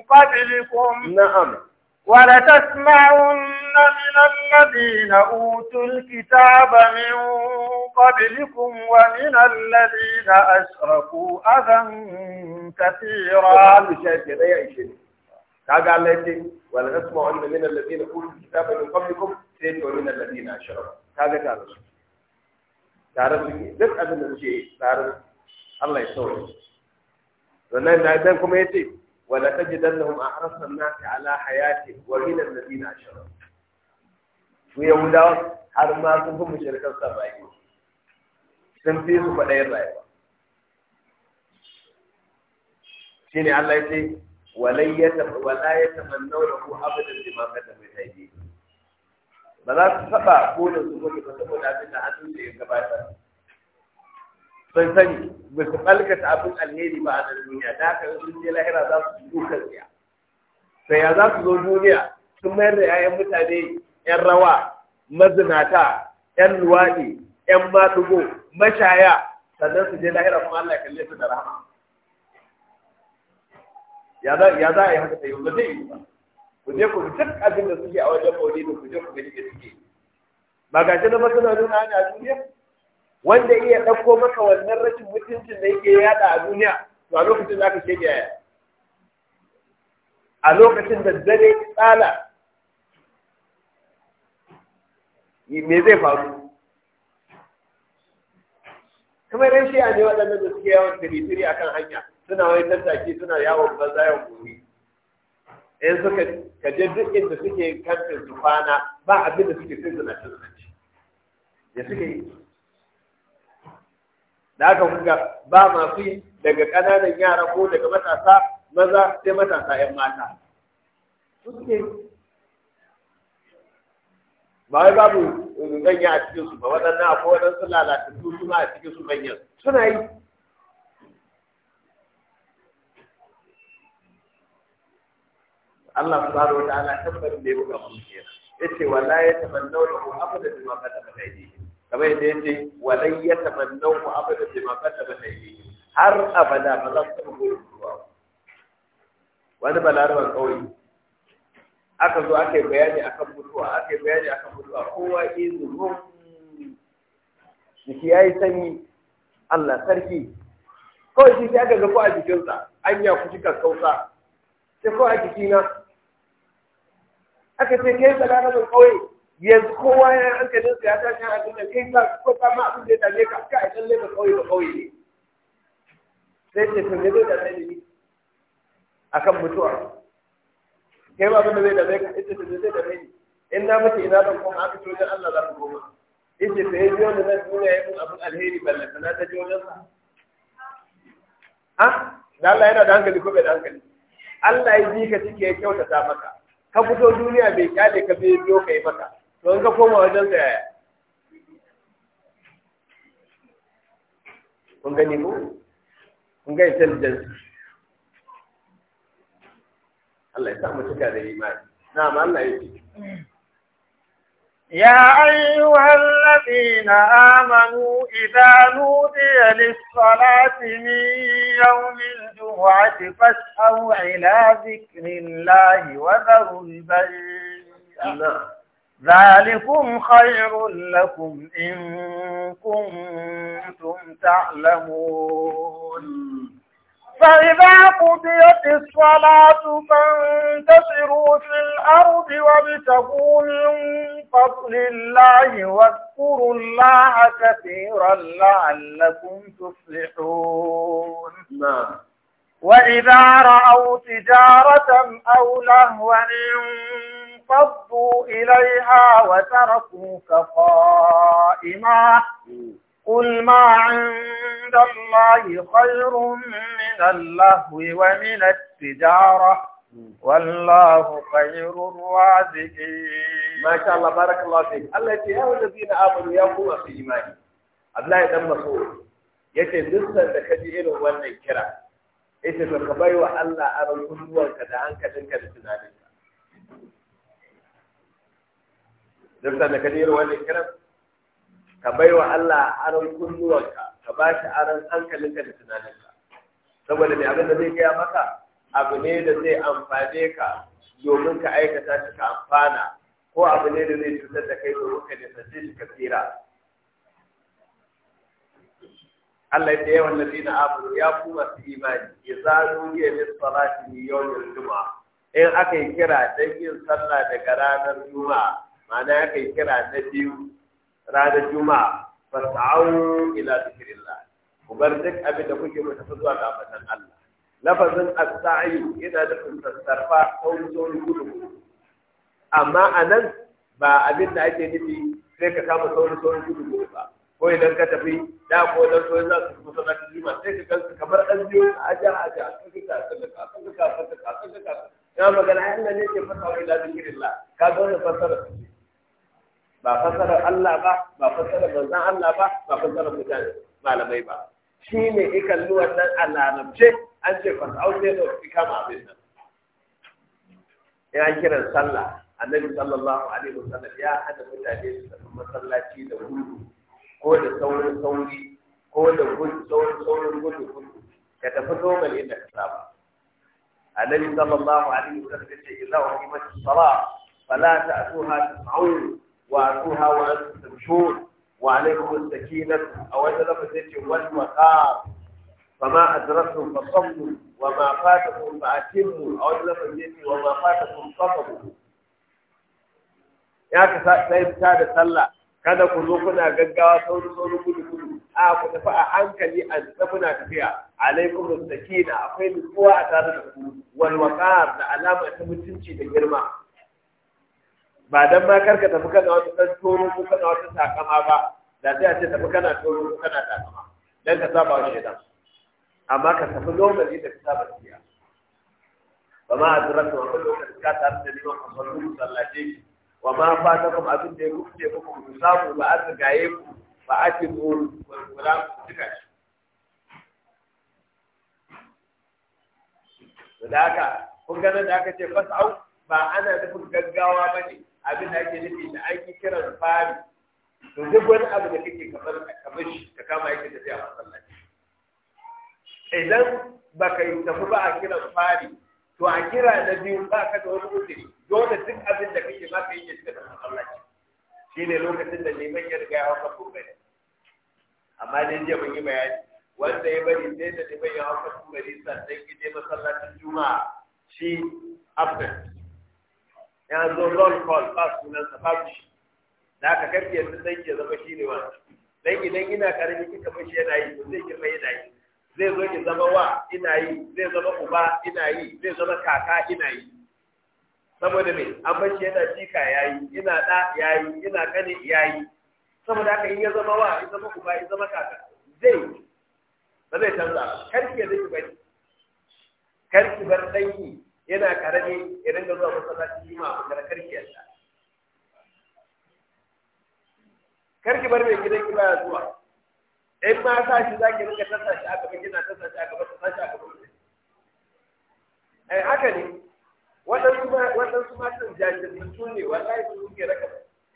قبلكم نعم ولتسمعن من الذين أوتوا الكتاب من قبلكم ومن الذين أشركوا أذى كثيرا كاغا التي ولا نسمع ان من الذين اوتوا الكتاب من قبلكم سيد ومن الذين اشركوا كاغا قال تعرف duk لك da kuke تعرف الله يسوي sauke wannan da dan ولا تجدنهم ala hayati wa min ومن الذين أشركوا ويهودا har ma sun fi mushrikan sabai rayuwa sun fi su yin rayuwa shine Allah yace Wala ya wala ya tamannau abadan bima qaddama yadi ba za su ko da su da ba saboda abin da hannun da ya gabatar sun sani ba su falkata abin alheri ba a duniya da haka sun je lahira za su zo karfiya sai ya za su zo duniya sun mayar da 'ya'yan mutane 'yan rawa mazinata 'yan luwaɗi 'yan matugo mashaya sannan su je lahira kuma Allah ya kalle su da rahama ya za a yi haka sai ba zai yi ba ku je ku duk abin da suke a wajen maulidi ku je ku gani da suke ba ga shi na masana nuna ana duniya wanda iya ɗauko maka wannan rashin mutuncin da yake yada a duniya to a lokacin za ka shege yaya a lokacin da dare tsala me zai faru kamar yan a ne waɗannan da suke yawon tiritiri a kan hanya suna wani tattaki suna yawon banza yawon gobe in suka kaje duk inda suke kamfin su kwana ba abin da suke sai suna cin hanci da suke yi da aka kuka ba masu yi daga ƙananan yara ko daga matasa maza sai matasa 'yan mata suke ba wai babu manya a cikin su ba waɗannan akwai waɗansu lalatattu su ma a cikin su manyan suna yi Allah baro wa ta'ala tabbatin da ya buga mu kenan yace wallahi tamannawna abadan ba qadama aydihim kamar yadda yace walan yatamannahu abada ta qaddama yi har abada ba za su gurin ruwa wani balaraban ƙauye, aka zo aka yi bayani akan mutuwa aka yi bayani akan mutuwa kowa yi zuru jiki yayi sanyi Allah sarki kawai shi sai aka ga ko a jikinsa anya ku kika kausa sai ko a jikina aka ce kai da kauye yanzu kowa ya hankalin sa ya tashi a duniya kai ka ko ta ma abin da ya ka ka idan ne ba kauye ba kauye ne sai ce to ne zai da ni akan mutuwa kai ba abin da zai zai ka ita ce zai da ni in na mutu ina zan koma aka ce wajen Allah za ku koma ita ce ya ji wanda zan duniya ya mun abin alheri ballanta na ta ji wajen sa ha da Allah yana da hankali ko bai da hankali Allah ya ji ka cike ya kyautata maka ka fito duniya bai kyale ka bai biyo ka yi maka لون کا فرم آرڈر سے آیا ان کا نیبو ان يا أيها الذين آمنوا إذا نودي للصلاة من يوم الجمعة فاسعوا إلى ذكر الله وذروا البيع نعم. ذلكم خير لكم إن كنتم تعلمون فإذا قضيت الصلاة فانتشروا في الأرض وابتغوا من فضل الله واذكروا الله كثيرا لعلكم تفلحون نعم. وإذا رأوا تجارة أو لهوا فضوا إليها وتركوك قائما قل ما عند الله خير من اللهو ومن التجارة والله خير الرازقين ما شاء الله بارك الله فيك الله يا الذين آمنوا يا قوة في إيماني الله يدم مسؤول yake dukkan da kaji irin wannan kira ita to ka bai wa Allah aron kulluwanka da hankalinka da tunaninka duk sanda ka jera wani kiran ka bai wa Allah aron kunnuwanka ka ba shi aron hankalinka da tunaninka saboda mai abin da zai gaya maka abu ne da zai amfane ka domin ka aikata shi ka amfana ko abu ne da zai cutar da kai domin ka nisanci shi ka tsira Allah ya yi wannan dina amuru ya fi masu imani ya zanu ne min salati yawmin juma'a in aka yi kira don yin sallah daga ranar juma'a ma'ana ya kai kira na biyu ranar juma'a fasa'au ila zikirillah ku bar duk abin da kuke mutafi zuwa ga Allah lafazin as yana da sassarfa saurin gudu amma anan ba abin da ake nufi sai ka kama sauri sauri gudu ba ko idan ka tafi da ko dan so za su kusa na kima sai ka kanka kamar an biyo aja aja kanka ka kanka ka kanka ka ya magana Allah ne ke fasawa ila zikirillah ka ga da fasara ba fasarar Allah ba ba fasarar manzon Allah ba ba fasarar mutane malamai ba shi ne ikan nan a lalamce an ce ta ne da fi kama abin nan ya kiran sallah annabi sallallahu alaihi wasallam ya hada mutane su tafi masallaci da gudu ko da saurin sauri ko da gudu saurin saurin gudu gudu ka tafi dogon inda ka saba annabi sallallahu alaihi wasallam ya ce idza uqimat as-salah fala ta'tuha tas'un وأتوها وأنتم تمشون وعليكم السكينة أو أن لفظة والوقار فما أدركتم فصموا وما فاتكم فأتموا أو أن لفظة وما فاتكم فصموا ya ka sai da sallah kada ku zo kuna gaggawa sauri sauri gudu gudu a ku tafi a hankali a tafi tafiya alaikum sakina akwai nutsuwa a tare ku Walwakar da alama ta mutunci da girma ba dan ma karka tafi kana wata dan toro ko kana wata takama ba da sai a ce tafi kana toro ko kana takama dan ka saba wa da. amma ka tafi normally da ka saba tiya wa ma adratu wa kullu ka ta da liman asallu sallati wa ma fatakum abin da ku ce ku ku samu ba an gaye ku ba ake ku kula ku tuka shi da haka kun ganin da aka ce fasau ba ana nufin gaggawa ba ne abin da ake nufi da ake kiran fari to duk wani abu da kake kamar kamar shi ka kama yake tafiya a masallaci idan baka yi tafi ba a kiran fari to a kira na biyu ba ka da wani uzuri dole duk abin da kake ba ka yi da da masallaci ne lokacin da neman ya riga ya hauka kokari amma dai jiya mun yi bayani wanda ya bari sai da neman ya hauka kokari sannan ki je masallacin juma'a shi absent ya zo roll call ba sunansa babu shi da aka karke yanzu dan ke zama shi ne wani dan idan ina karami kika mashi yana yi zai girma yana yi zai zo ki zama wa ina yi zai zama uba ina yi zai zama kaka ina yi saboda me an bashi yana jika yayi ina da yayi ina kane yayi saboda haka in ya zama wa ina zama uba ina zama kaka zai ba zai canza karki da ki bari karki bar danki yana karami ya ringa zuwa masallaci yi ma magana karki sha. karki bar mai gidan ki baya zuwa in ma sa shi za ki rinka tasa shi a gaba kina tasa shi a gaba tasa shi a gaba ai eh, haka ne waɗansu waɗansu matan jajirtattu ne wallahi su ke raka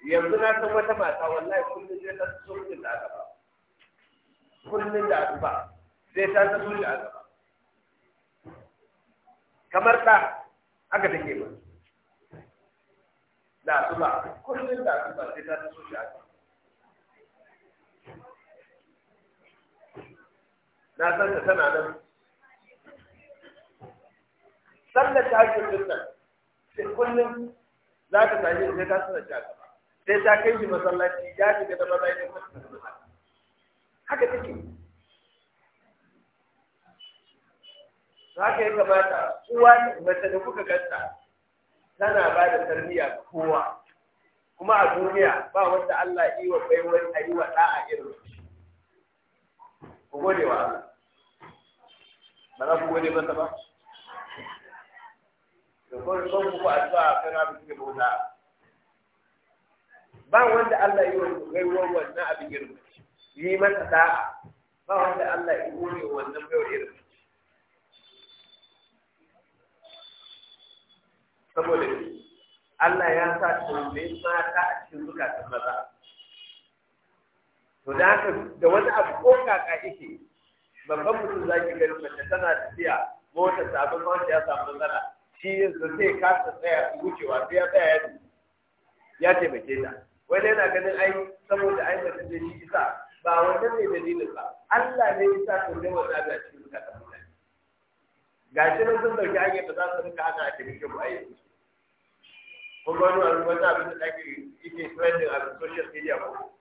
yanzu na san wata mata wallahi kullum sai ta sun da aka ba kullum da aka ba sai ta sun da aka ba kamar ɗa aka take ba da su ba kullum da su ba sai ta so shi aka na san ta tana nan Sannan ta hajjin din nan sai kullum za ta tashi sai ta sanar shi aka sai ta kai shi masallaci ya shiga da mazaji haka take haka ya kamata uwa mace da kuka ganta tana ba da tarbiyya kowa kuma a duniya ba wanda Allah yi wa wani a yi wa ɗa'a irin ku gode wa ba za ku gode masa ba da kuma son ku ba a zuwa a kan abin da bauta ba wanda Allah yi wa wani wannan abin irin yi masa ɗa'a ba wanda Allah yi wa wannan baiwar irin saboda ne Allah ya sa tumbin mata a cikin zukatan maza to da haka da wani abu ko kaka yake babban mutum za ki gani mace tana tafiya mota sabon mota ya samu nazara shi yanzu sai kasa tsaya wucewa sai ya tsaya ya ya taimake ta wani yana ganin ai saboda ai mace zai shi isa ba wannan ne dalilin ba Allah ne ya sa tumbin maza a cikin zukatan maza gashi nan sun dauki hanyar da za su rika ana a cikin ayyukan Kuma gano a wani abin da ake yake trending a social media ko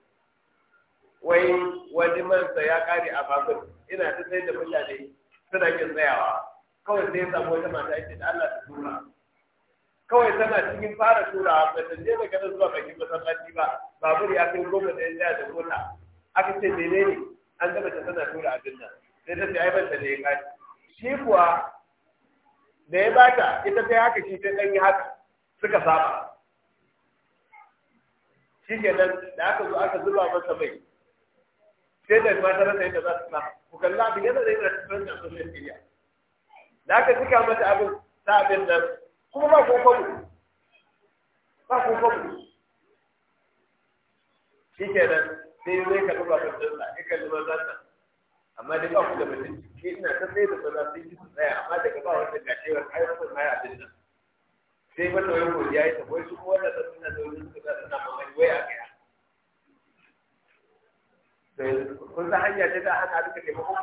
wai wani man sa ya kare a babur ina ta sai da mutane suna kin tsayawa kawai sai ya samu wata mata ake da Allah ta tura kawai tana cikin fara tura ba ta je daga nan zuwa bakin masallaci ba babur ya kai goma da ya da mota aka ce menene an gaba ta tana tura abin nan sai ta ce ai ban ta ne ya kashi shi kuwa da ya bata ita sai haka shi sai dan yi haka suka saba shi kenan da aka zo aka zuba masa mai sai da mata rasa yadda za su na ku kalla abin yadda zai rasa tsarin a social media da aka cika mata abin ta abin nan kuma ba ku kwabu ba ku kwabu shi kenan sai zai ka duba kan dinsa ya kalli zuba nan amma dai ba ku da mutum ke ina ta sai da maza sun yi su tsaya amma daga ba wanda gashewar ayyukan na ya abin nan sai ba lauyan godiya ya tafi su kuma da suna da wani suka suna mamari waya a kai eh, kun san hanya ce da hana duka taimako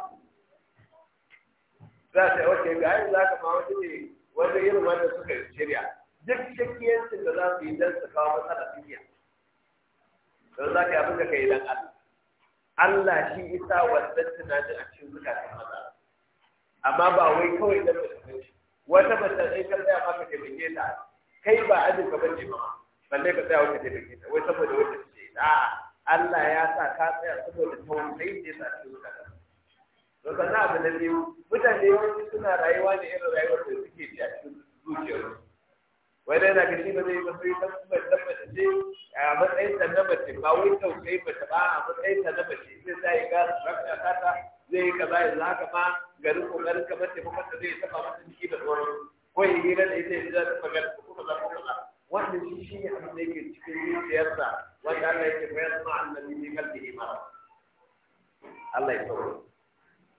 za ta yi wace ga yanzu haka ma wani ne wanda irin wanda suka shirya duk shakkiyancin da za su yi don su kawo matsala duniya don za ka yi abin da ka yi don Allah Allah shi isa wannan tunanin a cikin zukatan maza amma ba wai kawai don mutum wata mace ɗaya kan da ya maka taimake ta kai ba ajin ka bace ba balle ka tsaya wata daga gida wai saboda wata ce a Allah ya sa ka tsaya saboda tausayi ne sa ce wuta to sannan abu na biyu mutane yawanci suna rayuwa ne irin rayuwar da suke ji a cikin zuciyar wai dai ga shi ba zai ba sai dan ba dan ba ce a matsayin ta na mace ba wai tausayi ba ta ba a matsayin ta na mace sai sai ga rafa ta ta zai yi kaza yanzu haka ma garin kokarin kamar ba ta zai taba masu ciki da tsoron ko ya hira da ita ya da magana ko kuma ko kuma wannan shi shi ne abin da yake cikin zuciyarsa wanda Allah yake bayar ma annabi ne kalbi imara Allah ya tsoro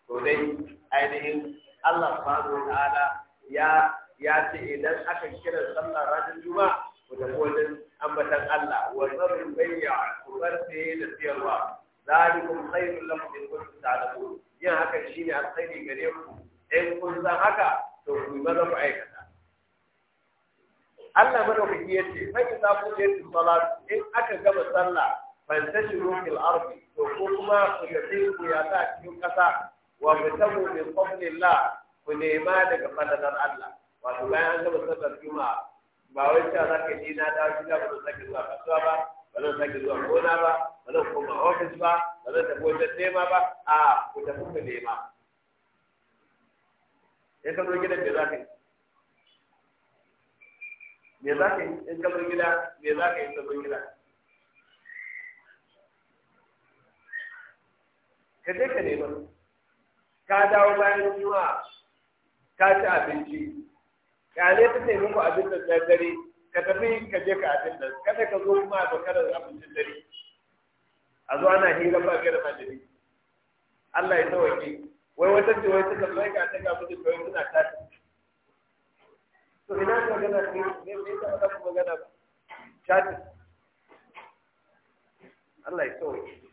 to dai ainihin Allah subhanahu wa ta'ala ya ya ce idan aka kira sallar ranar juma'a ku tafi wajen ambatan Allah wa zarru bayya ku barce da siyarwa zalikum khairul lakum in kuntum ta'lamun yin haka shine alkhairi gare ku in kun san haka to ku maza ku aikata Allah madaukaki ya ce fa idza qudiyat salat in aka gama sallah fantashiru fil ardi to ko kuma ku tafi ku ya ta cikin kasa wa mu min qablillah ku nema daga fadalar Allah wato bayan an gama sallar juma'a ba wai ta za ka ji na dawo gida ba zan sake zuwa kasuwa ba ba zan ji zuwa gona ba ba zan koma ofis ba ba zan tafi ta nema ba a ku tafi ku nema in ka zo gidan me za ka yi me za ka yi in ka zo gida me za ka yi in ka zo gida ka je ka nema ka dawo bayan juma'a ka ci abinci kyale ta sai muku abin da dare ka tafi ka je ka abin da kada ka zo kuma ba kada abincin dare a zo ana hira ba ga da Allah ya sauke wai wata ce wai ta zama ka ta ga mutum kawai suna tashi to ina ka magana ne ne ne ka ba ku gana ba tashi Allah ya sauke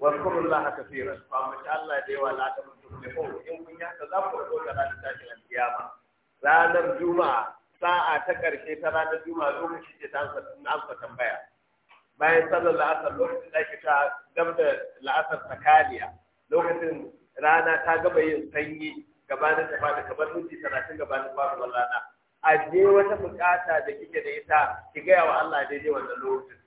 واذكروا الله كثيرا فما شاء الله Allah ولا yawa la ta mutu ne? ko da ran tashi alkiyama ranar juma'a sa'a ta karshe ta ranar juma'a lokaci ce ta an tambaya bayan sallar la'asar lokacin da ake ta gaba da la'asar tsakaliya lokacin rana ta gaba yin sanyi gabanin ta fada kamar minti talatin gabanin faruwar rana a je wata bukata da kike da ita ki gaya wa Allah daidai wannan lokacin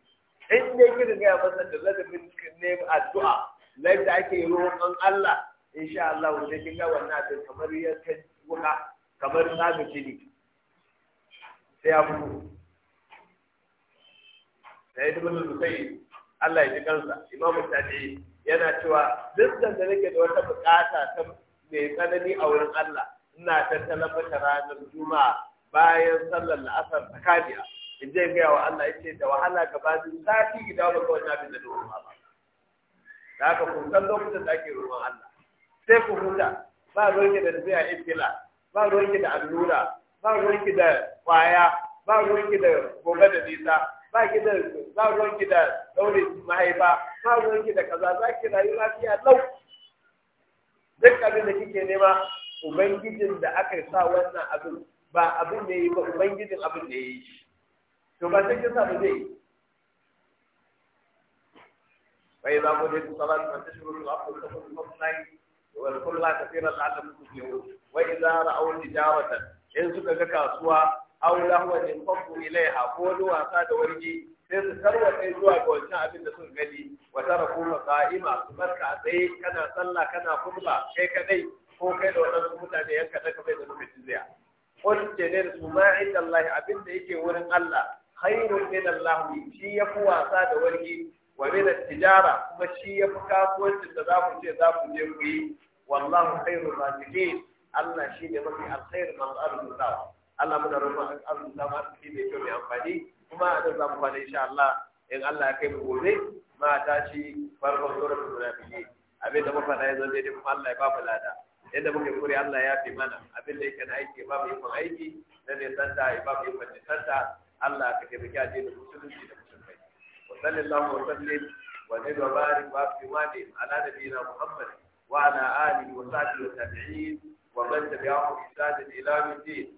in dai ki gaya masa da ladabin neman addu'a lai da ake roƙon Allah insha Allah wanda kin ga wannan abin kamar yankan wuka kamar tsamin jini sai sai ibn al-musayyib Allah ya ji kansa imam shafi'i yana cewa duk da nake da wata bukata ta mai tsanani a wurin Allah ina tattala mata ranar juma'a bayan sallar Asar ta Kadiya. in je gaya wa Allah yace da wahala gabanin sati gida ba kawai na bin da dogon ba da haka ku san lokacin da ake ruwan Allah sai ku huta ba ki da a ibtila ba ki da allura ba ki da kwaya ba ki da gobe da nisa ba ki da za ruwan ki da daure mahaifa ba ruwan ki da kaza za ki rayu lafiya lau duk abin da kike nema ubangijin da aka sa wannan abin ba abin da yi ba ubangijin abin da yi to ba sai kin sa ba zai فإذا قضيت الصلاة فانتشروا في الأرض وابتغوا من فضل الله واذكروا الله كثيرا لعلكم تفلحون وإذا رأوا تجارة إن سكك kasuwa? aw lahwa in qabbu ilaiha ko wani wasa da wargi sai su tarwatsa zuwa ga wancan abin da suka gani wa taraku qa'ima su barka a tsaye kana sallah kana kurba kai kadai ko kai da wadansu mutane yanka da kamar da lokaci zai qul janar su ma inda Allah abin da yake wurin Allah khairun min Allah shi yafi wasa da wargi wa min tijara kuma shi yafi kasuwanci, da za ku ce za ku je ku yi wallahu khairul raziqin Allah shi ne mafi alkhairu man arzuta Allah mu da roƙon an arzuta ma su mai kyau mai amfani kuma a nan za mu kwana insha Allah in Allah ya kai mu gobe ma ta ci farkon suratul munafiqin abin da muka ya zo daidai kuma Allah ya ba mu lada yadda muke kure Allah ya fi mana abin da yake na aiki ba mu yi mun aiki na ne santa ya ba mu yi mun santa Allah ka taimaki addinin musulunci da musulmai wa sallallahu wa sallim wa zid ba barik wa fi wadi ala nabiyina Muhammad wa ala Ali, wa sahbihi wa tabi'in wa man tabi'ahu bi ihsan ila yawm الدين